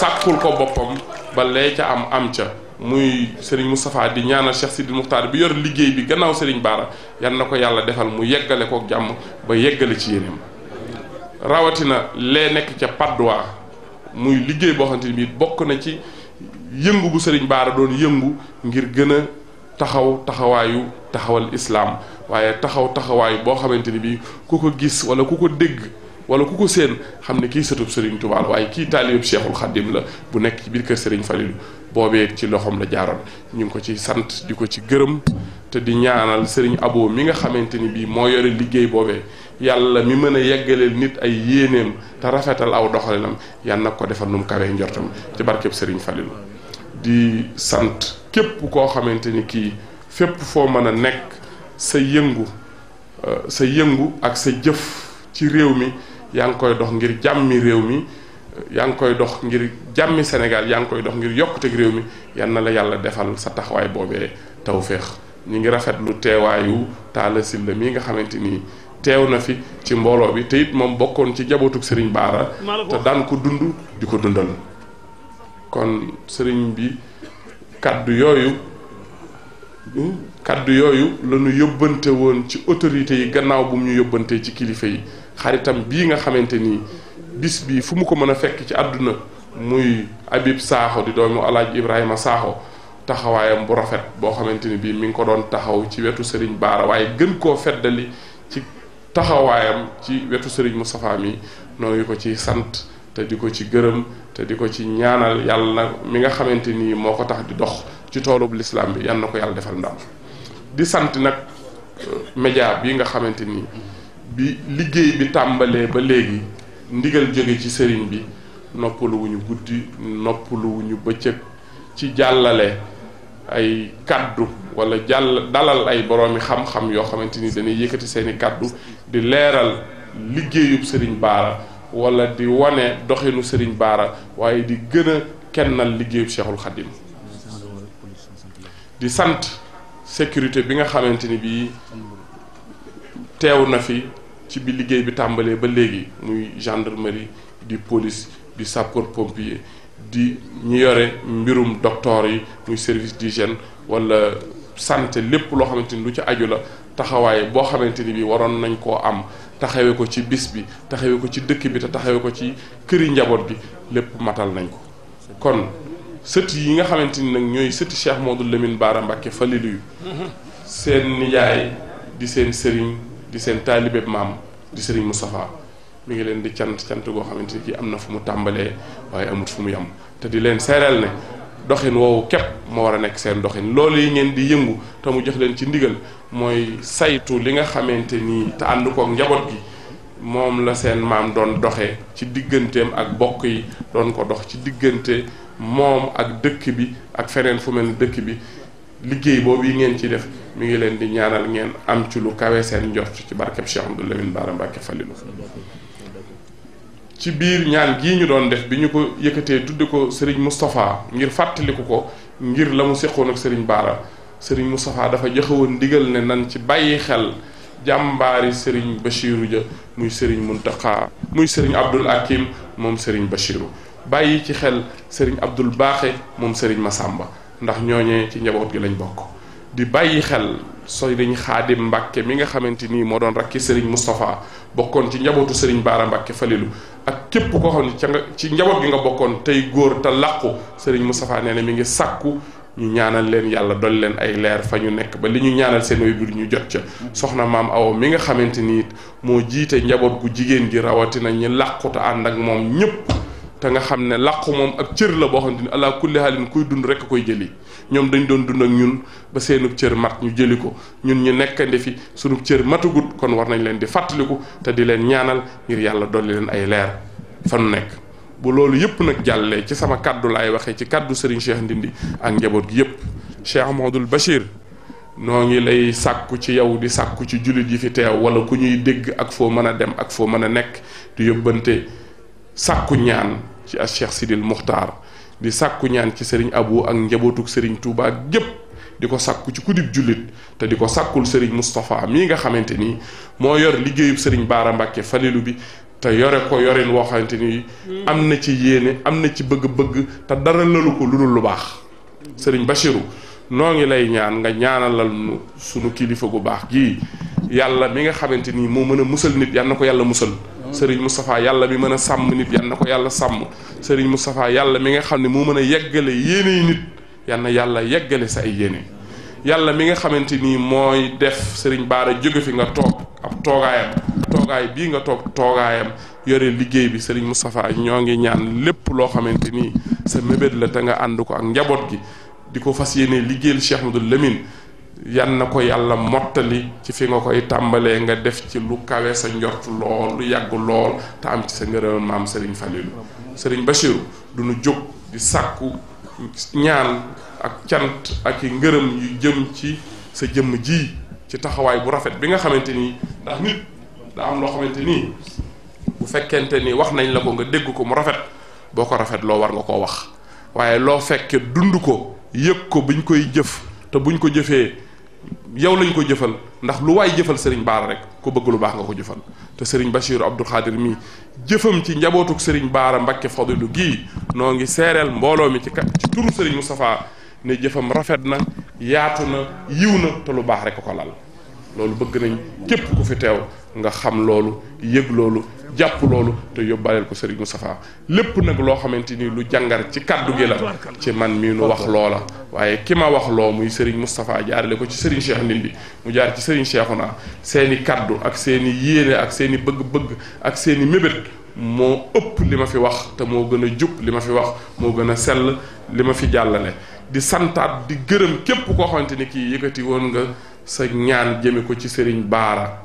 sàkkul ko boppam ba lee ca am am ca. muy Serigne Moustapha di ñaanal Cheikh Sidi Muxtaar bi yor liggéey bi gannaaw Serigne Baara yal na ko yàlla defal mu yeggale kook jàmm ba yeggale ci yéeneem rawatina lee nekk ca Padoa muy liggéey boo xamante ni bii bokk na ci yëngu bu Serigne Baara doon yëngu ngir gën a taxaw taxawaayu taxawal islaam waaye taxaw taxawaayu boo xamante ni bii ku ko gis wala ku ko dégg wala ku ko séen xam ne kii sëtub Serigne Touba waaye kii taalibeb Cheikhul Xaddim la bu nekk ci biir kër Serigne Falilou boobee ci loxoom la jaaroon ñu ngi ko ci sant di ko ci gërëm te di ñaanal sëriñ Abo mi nga xamante ni bii moo yore liggéey boobee yàlla mi mën a yeggaleel nit ay yéeneem te rafetal aw doxalinam yal na ko defal nu mu kawee njortam ci barkeb sëriñ Falilu di sant képp koo xamante ni kii fépp foo mën a nekk sa yëngu euh, sa yëngu ak sa jëf ci réew mi yaa ngi koy dox ngir jàmmi réew mi yaa ngi koy dox ngir jàmmi Sénégal yaa ngi koy dox ngir teg réew mi yan na la yàlla defal sa taxawaay boobee tawféex ñu ngi rafet lu teewaayu Talla Sylla mii nga xamante ni teew na fi ci mbooloo bi te moom bokkoon ci jabootug sëriñ Baara te daan ko dund di ko dundal kon sëriñ bi kàddu yooyu hmm, kàddu yooyu la yóbbante woon ci autorités yi gannaaw bu mu yóbbantee ci kilifa yi xaritam bii nga xamante ni. bis bi fu mu ko mën a fekk ci àdduna muy abib Sakho di doomu Alaaji Ibrahima Sakho taxawaayam bu rafet boo xamante ni bii mi ngi ko doon taxaw ci wetu Serigne Baara waaye gën koo feddali ci taxawaayam ci wetu Serigne Moustapha mi noo ngi ko ci sant te di ko ci gërëm te di ko ci ñaanal yàlla na mi nga xamante ni moo ko tax di dox ci toolub lislaam bi yal na ko yàlla defal ndam di sant nag euh, média bi nga xamante ni bi liggéey bi tàmbalee ba léegi ndigal jóge ci sëriñ bi noppaluwuñu guddi noppaluwuñu bëccëg ci jàllale ay kaddu walla jàll dalal ay boroomi xam-xam yoo xamante ni dañuy yëkkati seeni kàddu di leeral liggéeyub sëriñ baara walla di wane doxinu sëriñ baara waaye di gën a kennal liggéeyub cheikhul xadim di sant sécurité bi nga xamante ni bii teew na fi ci bi liggéey bi tàmbalee ba léegi muy gendarmerie di police di sapeur pompier di ñu yore mbirum docteur yi muy service d'hygiène wala sante lépp loo xamante ni lu ci aju la taxawaay boo xamante ni bi waroon nañ koo am taxawee ko ci bis bi taxawee ko ci dëkk bi te taxawee ko ci këri njaboot bi lépp matal nañ ko kon sët yi nga xamante ni nag ñooy sëti Cheikh Modou Lamine Bara Mbacké Falilou mhm. seen nijaay di seen sëriñ di seen taalibeeb maam di sëriñ Moustapha mu ngi leen di cant cant goo xamante ni kii am na fu mu tàmbalee waaye amut fu mu yem te di leen seereel ne doxin woowu képp moo war a nekk seen doxin loolu yi ngeen di yëngu te mu jox leen ci ndigal mooy saytu li nga xamante ni te ànd koog njaboot gi moom la seen maam doon doxee ci digganteem ak bokk yi doon ko dox ci diggante moom ak dëkk bi ak feneen fu mel dëkk bi liggéey boobu yi ngeen ci def mi ngi leen di ñaanal ngeen am ci lu kawe seen njort ci barkeb Cheikh Abdou Lamine Bara Mbacké Falilou ci biir ñaan gii ñu doon def bi ñu ko yëkkatee tudd ko Serigne Moustapha ngir fàttaliku ko ngir la mu seqoon ak Serigne Bara Serigne Moustapha dafa joxewoon ndigal ne nan ci bàyyi xel jàmbaari Serigne Bachiru ja muy Serigne Muntaqa muy Serigne Abdul Hakim moom Serigne Bachiru bàyyi ci xel Serigne Abdul Baaxe moom Serigne Masamba ndax ñooñee ci njaboot gi lañ bokk. di bàyyi xel soo sëriñ xaadim mbàkke mi nga xamante nii moo doon rakki sëriñ Moustapha bokkoon ci njabootu sëriñ Baara Mbàkke Falilu ak képp koo xam ne ca nga ci njaboot gi nga bokkoon tey góor te làqu sëriñ Moustapha nee na mi ngi sàkku ñu ñaanal leen yàlla dool leen ay leer fa ñu nekk ba li ñu ñaanal seen way biir ñu jot ca soxna maam awo mi nga xamante ni moo jiite njaboot gu jigéen ji rawatina ñi làqu te ànd ak moom ñëpp te nga xam ne làqu moom ab cër la boo xamante ni ala kulli haalin kuy dund rek koy jëli ñoom dañu doon dund ak ñun ba seenub cër mat ñu jëli ko ñun ñu nekkandi fi sunub cër matagut kon war nañ leen di fàttaliku te di leen ñaanal ngir yàlla dolli leen ay leer fanu nekk bu loolu yëpp nag jàllee ci sama kaddu laay waxee ci kàddu Serigne Cheikh Ndindi ak njaboot gi yëpp Cheikh Mouhamadoul Bachir noo ngi lay sàkku ci yow di sàkku ci jullit yi fi teew wala ku ñuy dégg ak foo mën a dem ak foo mën a nekk di yóbbante sàkku ñaan ci as Cheikh Sidil Muxtaar di sàkku ñaan ci sëriñ Abu ak njabootuk sëriñ Touba gépp di ko sàkku ci kudib jullit te di ko sàkkul sëriñ Moustapha mii nga xamante ni moo yor liggéeyub sëriñ Baara Mbàkke Falilu bi te yore ko yorin woo xamante ni am na ci yéene am na ci bëgg-bëgg te dara lalu ko lu dul lu baax sëriñ Bachiru noo ngi lay ñaan nga ñaanalal nu sunu kilifa gu baax gii yàlla mi nga xamante ni moo mën a musal nit yal na ko yàlla musal sëriñ Moustapha yàlla mi mën a sàmm nit yan na ko yàlla sàmm sëriñ Moustapha yàlla mi nga xam ne moo mën a yeggale yéeney nit yan na yàlla yeggale sa ay yéene yàlla mi nga xamante ni mooy def sëriñ Baara jóge fi nga toog ab toogaayam toogaay bii nga toog toogaayam yore liggéey bi sëriñ Moustapha ñoo ngi ñaan lépp loo xamante ni sa mébét la te nga ànd ko ak njaboot gi di ko fas yéene liggéeyal Cheikh Madou yan na ko yàlla mottali ci fi nga koy tàmbalee nga def ci lu kawe sa njort lool lu yàgg lool te am ci sa ngërëm maam Serigne Falilou sëriñ Bachirou du nu jóg di sàkku ñaan ak cant ak i ngërëm yu jëm ci sa jëmm jii ci taxawaay bu rafet bi nga xamante nii ndax nit daa am loo xamante nii bu fekkente ni wax nañ la ko nga dégg ko mu rafet boo ko rafet loo war nga koo wax waaye loo fekke dund ko yëg ko buñ koy jëf te buñ ko jëfee yow lañ ko jëfal ndax lu waay jëfal Serigne Baara rek ko bëgg lu baax nga ko jëfal te Serigne Bachir Abdoul Khadir mi jëfam ci njabootuk Serigne Baara Mbakke Fadilu gii noo ngi seereel mbooloo mi ci kat ci turu Serigne Moustapha ne jëfam rafet na yaatu na yiw na te lu baax rek ko lal loolu bëgg nañ képp ku fi teew nga xam loolu yëg loolu. jàpp loolu te yóbbaaleel ko Serigne Moustapha lépp nag loo xamante ni lu jàngar ci kàddu gi la ci man mii nu wax loola waaye ki ma wax loo muy Serigne Moustapha jaarale ko ci Serigne Cheikh Ndindi mu jaar ci Serigne Cheikhouna seen seeni kaddu ak seen yéene ak seen i bëgg-bëgg ak seen i mébét moo ëpp li ma fi wax te moo gën a jub li ma fi wax moo gën a sell li ma fi jàllale di santaat di gërëm képp koo xamante ni kii yëkkati woon nga sa ñaan jëme ko ci Serigne Baara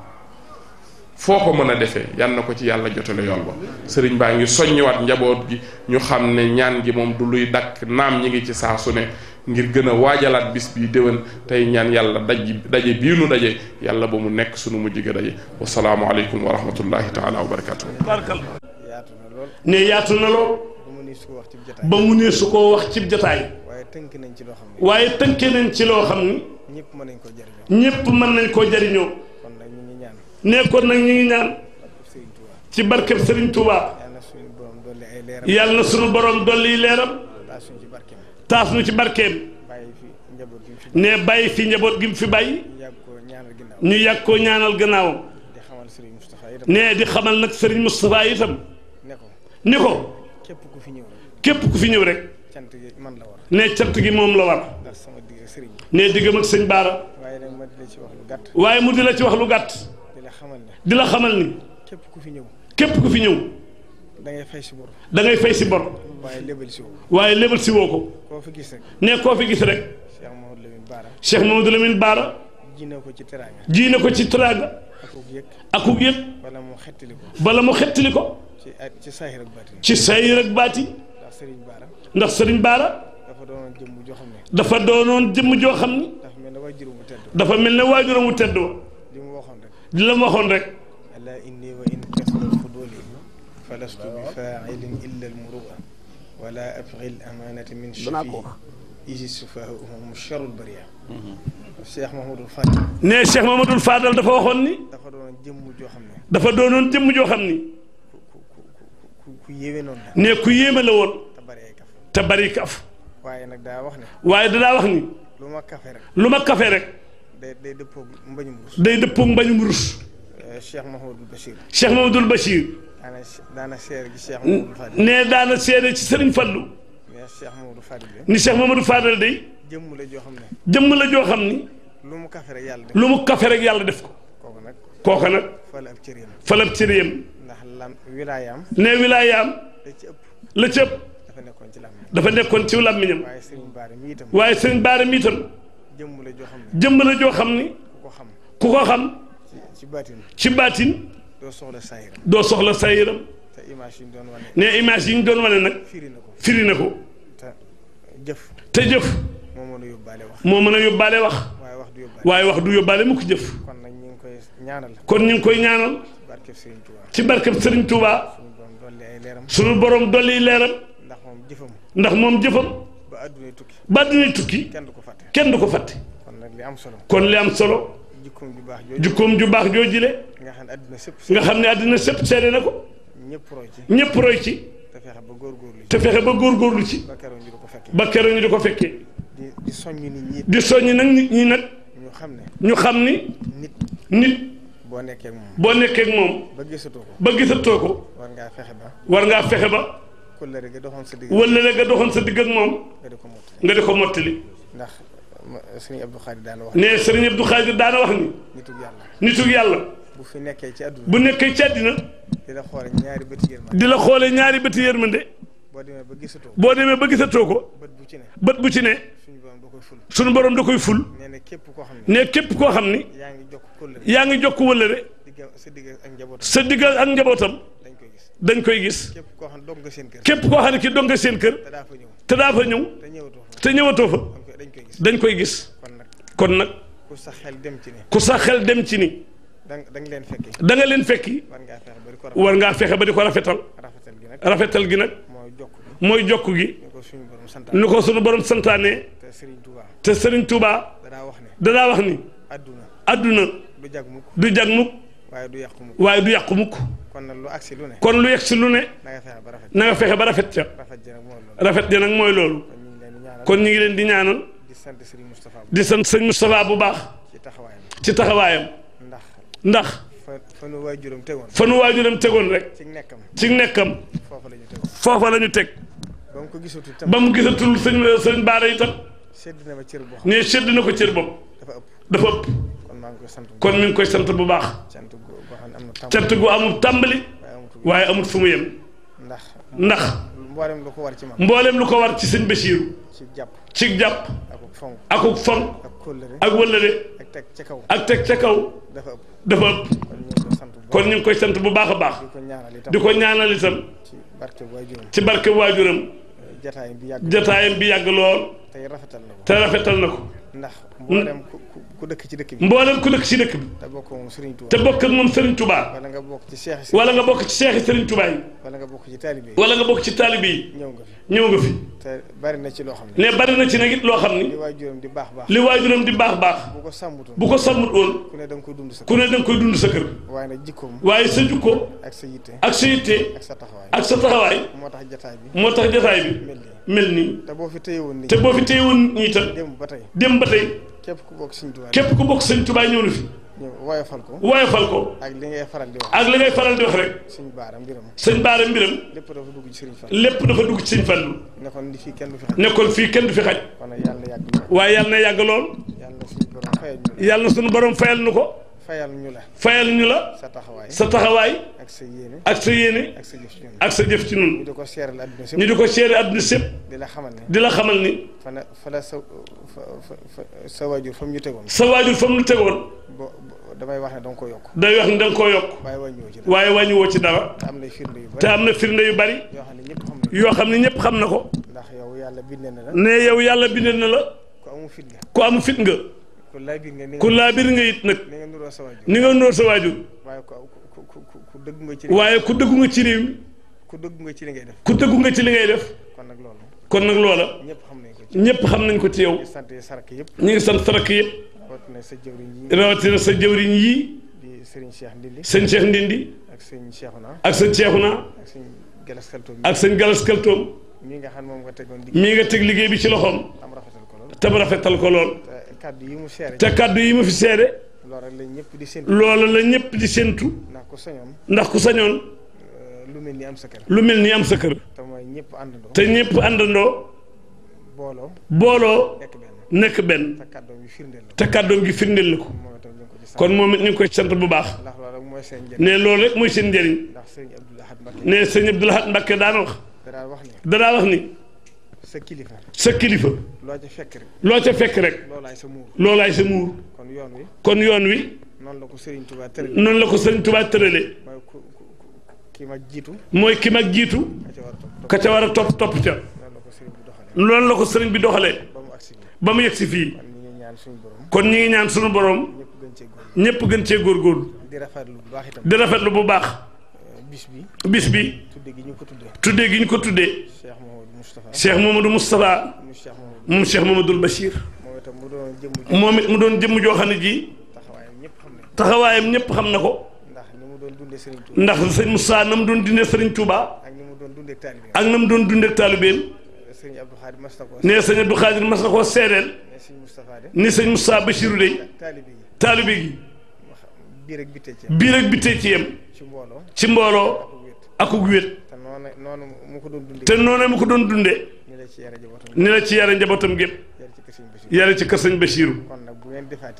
foo ko mën a defee yal na ko ci yàlla jotale yoon ba sëriñ baa ngi soññiwaat njaboot gi ñu xam ne ñaan gi moom du luy dakk naam ñi ngi ci saa su ne ngir gën a waajalaat bis bii déwén tey ñaan yàlla daj daje bii nu daje yàlla ba mu nekk sunu mujj ga daje wasalaamualeykum wa rahmatullahi taala wa barakaatu. ne yaatu na lool. ba mu ne su ko wax cib jotaay. waaye tënk nañ ci loo xam ne. waaye tënk nañ ci loo xam ne. ñëpp mën nañ koo jëriñoo. ñëpp mën nañ koo jëriñoo. nekkoon nag ñu ngi ñaan ci barkeb Serigne Touba yàlla na sunu boroom dolli leeram taas nu ci barkeem ne bàyyi fi njaboot gi mu fi bàyyi ñu yàgg koo ñaanal gannaawam ne di xamal nag Serigne Moustapha itam ni ko képp ku fi ñëw rek ne cant gi moom la war ne diggam ak sëñ Baara waaye mu di la ci wax lu gàtt. xamal di la xamal ni. képp ku fi ñëw. képp ku fi ñëw. da ngay fay si bor. da ngay fay si bor. waaye lebal si woo waaye lebal si woo ko. koo fi gis ne koo fi gis rek. Cheikh Mamadou Lamine Baara. Cheikh Mamadou Lamine Baara. ji na ko ci teraanga. ji na ko ci teraanga. akub yëg. akub yëg. bala mu xettali ko. bala mu xettali ko. ci ci saahir ak baati. ci saahir ak baati. ndax Serigne Baara. ndax Serigne Baara. dafa doonoon jëmm joo xam ne. dafa doonoon jëmm joo xam dafa mel ne waajuram wu tedd. dafa mel ne waajuram wu tedd. lu la waxoon rek ala inni wa in kasra alfuduli falastu bi faailin illa almurua wala abgi alamanata min shafii isi sufahum charu lbaria mhm. cheikh mahmadul fadal ne cheikh mahmadul fadal dafa waxoon ni dafa doonoon jëmm joo xam ne dafa doonoon jëmm joo xam ni ku yéeme noonu ne ku yéeme la woon te bari kaf waaye nag daa wax ne waaye dadaa wax ni kafe rek lu ma kafe rek day day dëppoo mbañum rus. day dëppoo mbañum rus. Eh, Cheikh Mahmoudou Bachir. Cheikh Mahmoudou Bachir. daana seere gi Cheikh Mahmoudou Fadil. nee daana seere ci Serigne Fallou. nee Cheikh Mahmoudou Fadil de. ni Cheikh Mahmoudou Fadil de. jëmm la joo xam ne. jëmm la joo xam ni. lu mu kafe rek yàlla def ko lu mu kafe yàlla def ko. kooku nag. kooku nag. fal ab cër yam. fal ab cër yam. ndax lam wilaayaam. nee wilaayaam. la ci ëpp. la ci ëpp. dafa nekkoon ci làmmiñam. dafa nekkoon ci làmmiñam. waaye Serigne Bara mi jëmm la joo xam ne jëmm la joo xam ne ku ko xam ci baatin ci baatin doo soxla sayiram doo soxla sayiram ne image yi ñu doon wane nag firi na ko jëf te jëf moo mën a yóbbaale wax moo mën a yóbbaale wax waaye wax du yóbbaale mu ko jëf kon ñu ngi koy ñaanal ci barkeb Sëriñ Tuuba suñu borom dolli leeram ndax moom jëfam ba àddunay tukki kenn du ko kenn du ko fàtte. kon nag li am solo. kon li am solo. jukkoom ju baax jooju jukkoom ju baax jooju le. nga xam ne àddina sëpp. nga xam ne àddina sëpp seede na ko. ñëpp roy ci ñëpp roy ci. te fexe ba góor ci te fexe ba góorgóorlu ci. ba keroog ñu di ko fekkee ba keroog ñu di ko fekkee. di di soññ nit ñi. di soññ nag nit ñi nag. ñu xam ne ñu xam ni. nit nit. boo nekkee moom boo nekkee moom. ba gisatoo ko ba gisatoo ko. war ngaa fexe ba. war ngaa fexe ba. wala la nga doxoon sa digg ak moom. nga di ko mottali. ndax Serigne Abdou Khadir daana wax ne Serigne Abdou Khadir daana wax ni. nitug yàlla nitug yàlla. bu fi nekkee ci àdduna bu nekkee ci àdduna. di la xoole ñaari bëti yërmande di la xoole ñaari bëti yërmande. boo demee ba gisatoo boo demee ba gisatoo ko. bët bu ci ne bët bu ci ne. suñu borom da koy ful suñu borom da koy ful. nee na képp koo xam ne nee képp koo xam ni. yaa ngi jokk wëllëre yaa ngi jokk wëllëre sa diggal ak njabootam dañ koy gis képp koo xam ne ki dong nga seen kër te daa fa ñëw te ñëwatoo fa dañ koy gis kon nag ku sax xel dem ci ni da nga leen fekki war ngaa fexe ba di ko rafetal rafetal gi nag mooy jokk gi nu ko suñu borom santaane te Serigne Touba danaa wax ni adduna du jag mukk waaye du yàqu mukk waaye du yàqu mukk kon lu agsi lu ne kon lu yegsi lu ne na nga fexe ba rafet ca rafet ja nag mooy loolu kon ñu ngi leen di ñaanal di sant sëñ Moustapha di sant sëñ Moustapha bu baax ci taxawaayam ndax fanu waajuram tegoon fanu waajuram tegoon rek ci nekkam ci nekkam foofa la ñu teg ba mu ko gisatul ba mu gisatul sëñ sëñ Baara itam nee sédd na ko cër bopp dafa ëpp kon mi ngi koy sant bu baax. cant gu amul tàmbali. waaye amul fu mu yem. ndax mboolem lu ko war ci man mboolem lu ko war ci sëñ Bachirou. ci jàpp ci jàpp. akuk fonk akuk fonk. ak wëllëre ak teg ca kaw ak ca kaw. dafa ëpp dafa ëpp. kon ñu koy sant bu baax a baax. di ko ñaanal itam. ci barke waajuram ci barke waajuram. jataayam bi yàgg lool. tey rafetal na ko. ndax mboolem ku ku dëkk ci dëkk bi mboolem ku dëkk ci dëkk bi te bokk ak moom Serigne Touba te nga bokk ci seexi Serigne Touba yi wala nga bokk ci taalibe yi ñëw nga fi ñëw nga na ci loo ne na loo xam ni li waajuram di baax baax di baax baax bu ko sàmmutoon bu ko sàmmut woon ku ne da nga koy dund sa ku ne da nga koy dund sa kër waaye nag jikkoom waaye sa jikko ak sa yitte ak sa ak sa taxawaay ak sa taxawaay moo tax jataay bi moo tax jataay bi mel nii te boo fi téyewoon nii te boo fi téyewoon ba tey dem ba tey képp ku bokk sëñ Tuubaa képp ku bokk sëñ Tuubaa ñëw na fi. woyofal ko ko. ak li ngay faral di wax ak li ngay faral di wax rek. sëñ Baara mbiram sëñ Baara mbiram. lépp dafa dugg ci sëñ Fallu. lépp dafa dugg ci sëñ Fallu. nekkoon fii kenn du fi xaj. fii kenn du fi xaj. waaye yàlla na yàgg lool. yàlla na suñu borom fayal ñu ko. fayal ñu la. fayal ñu la. sa taxawaay sa taxawaay. ak sa yéene ak sa yéene. ak sa jëf ci ñun sa jëf ci ñun. ñu di ko seeral àdduna sépp ñu di ko seeral àdduna sépp. di la xamal ni di la xamal ni. fa la fa la sa sa waajur fa mu ñu tegoon. sa waajur fa mu ñu tegoon. damay wax ne da nga koo yokk. day wax ne da koo yokk. waaye wàññiwoo ci dara. te am na firnde yu bari. yoo xam ne ñëpp xam na ko. ndax yow yàlla bind na la. ne yow yàlla bind na la. ku fit nga. ku laabir nga it nag ni nga nuroo sa waajur waaye ku dëggu nga ci réew ku dëggu nga ci li ngay def ku nga ci li def kon nag loola ñëpp xam nañ ko ci yow ñu ngi sant sarak yëpp rawatina sa jëwriñ yi sëñ Cheikh Ndindi ak sëñ Cheikhouna ak sëñ ak sëñ Galas Kaltoom mii nga teg liggéey bi ci loxoom tam rafetal ko lool. kaddu yi mu seere te kaddu yi mu fi seere loola la ñëpp di séntu loola la ñëpp di séntu ndax ku sañoon ndax ku sañoon euh, lu mel ni am sa lu mel ni am sa kër te mooy ñëpp àndandoo te ñëpp àndandoo booloo booloo nekk benn te kàddoom gi firndeel la ko kon moom it ñu ngi koy sant bu baax ne loolu rek mooy seen njëriñ ne sëñ Abdoul Ahad Mbacké daan wax danaa wax ni sa kilifa. sa kilifa. loo ca fekk rek. loo ca fekk rek. loolaay sa muur. loolaay kon yoon wi. kon yoon wi. noonu la ko Serigne Touba tëralee. noonu la ko Serigne Touba tëralee. mooy ki mag jiitu. mooy ki mag jiitu. ka ca war a topp topp ca. loolu la ko Serigne bi doxalee. ba mu yegg si fii. kon ñu ngi ñaan suñu borom. ñëpp gën cee góor di rafetlu bu baax itam. di bu baax. Eh, bis bi. bi. tuddee gi ñu ko tuddee. tuddee gi ñu ko tuddee. cheikh Mamadou Moustapha moom cheikh Mamadou Bachir moom it mu doon jëmm joo xam ne ji taxawaayam ñëpp xam na ko ndax sëñ Moussa na mu doon dundee Serigne Touba ak na mu doon dundee ak taalibeem nee sëñ Abdou Khadir mas na koo seedeel ni sëñ Moussa Bachirou de taalibe gi biir ak bitee ci yem ci mbooloo akuk wéet noonu mu ko doon dundee. te noonu mu ko doon dunde ni la ci yare njabootam ni la ci yare njabootam gépp. yare ci kër sëñ Bachirou.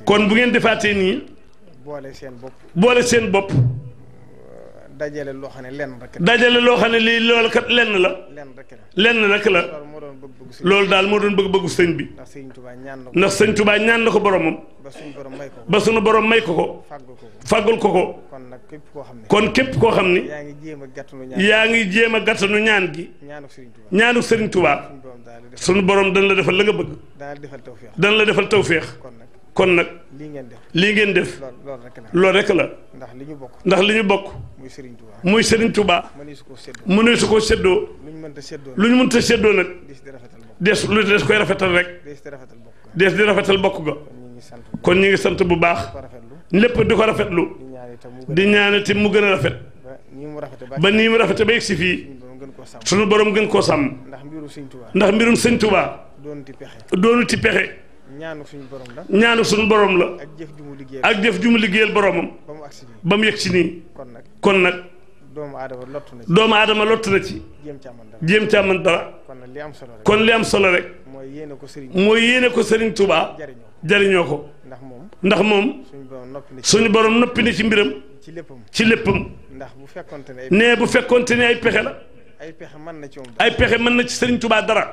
kon bu ngeen defaatee nii. boole seen bopp. boole seen bopp. dajale loo xam ne lenn rek la. dajale loo xam ne lii loolu kat lenn la. lenn rek la loolu daal moo doon bëgg-bëggu sëñ bi. ndax sëñ Tuubaa ñaan na ko ndax na ko boromam. ba suñu borom may ko ko ba ko ko. kon nag képp koo xam ne. kon képp koo xam ne. yaa ngi jéem a gàttanu ñaan gi yaa ngi jéem a gàttanu ñaan gi. ñaanu sëriñ Tuubaa suñu borom dañ la defal la nga bëgg. dañ la defal tawféex. kon nag lii ngeen def lii ngeen def loolu rek la ndax li ñu bokk ndax li ñu bokk muy Serigne Touba muy Serigne Touba mënee su ko séddoo lu ñu mënta séddoo nag des lu des koy rafetal rek des di rafetal bokk ga kon ñu ngi sant bu baax lépp di ko rafetlu di ñaane te mu gën a rafet ba nii mu rafete ba yegg si fii suñu borom gën koo sàmm ndax mbirum Sëñ Touba doonu ti pexe ñaanu suñu borom la ñaanu suñu borom la ak jëf ju mu liggéeyal boromam ba mu yegg si nii. kon nag. doomu aadama lott na ci doomu aadama lott na ci. jéem ca man dara jéem ca man dara. kon li am solo rek kon li am solo rek. mooy yéene ko Serigne. mooy yéene ko Serigne Touba. jariñoo ko ndax moom. ndax moom suñu borom noppi na ci mbiram. ci léppam ci léppam. ndax bu fekkonte ne ay nee bu fekkonte ne ay pexe la. ay pexe mën na ci moom ay pexe mën na ci Serigne Touba dara.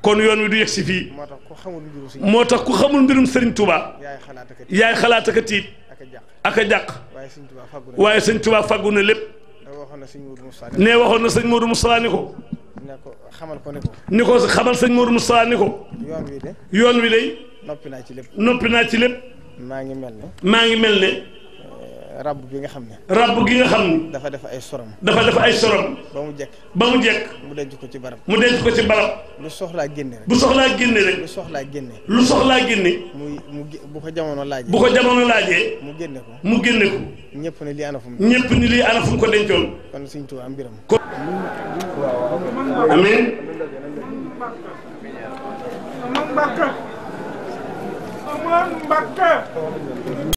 kon yoon wi du yegsi fii. moo tax ku xamul mbirum Serigne Touba. moo tax ku xamul mbirum Serigne Touba. yaay xalaat ak tiit ak a jàq waaye sëñ Tuubaa fàggu na lépp ne waxoon na sëñ Modou Moussa ni ko ne ko xamal ko ne ko. ni ko xamal sëñ Modou mu ni ko. yoon wi de. yoon wi de. noppi naa ci lépp. noppi naa ci lépp. maa ngi mel ne. maa ngi mel ne. rabb gi nga xam ne. rabb gi nga xam ne. dafa def ay sorom. dafa def ay sorom. ba mu jekk. ba mu jekk. mu denc ko ci barab. mu denc ko ci barab. lu soxlaa génne rek. bu soxlaa génne lu soxlaa génne. lu soxlaa génne. mu bu jamono laajee. bu ko mu génne ko. mu génne ko. ñëpp ne lii ana fu ne lii ana ko dencoon. kon Sëñ Tuubaa mbiram. kon. amiin.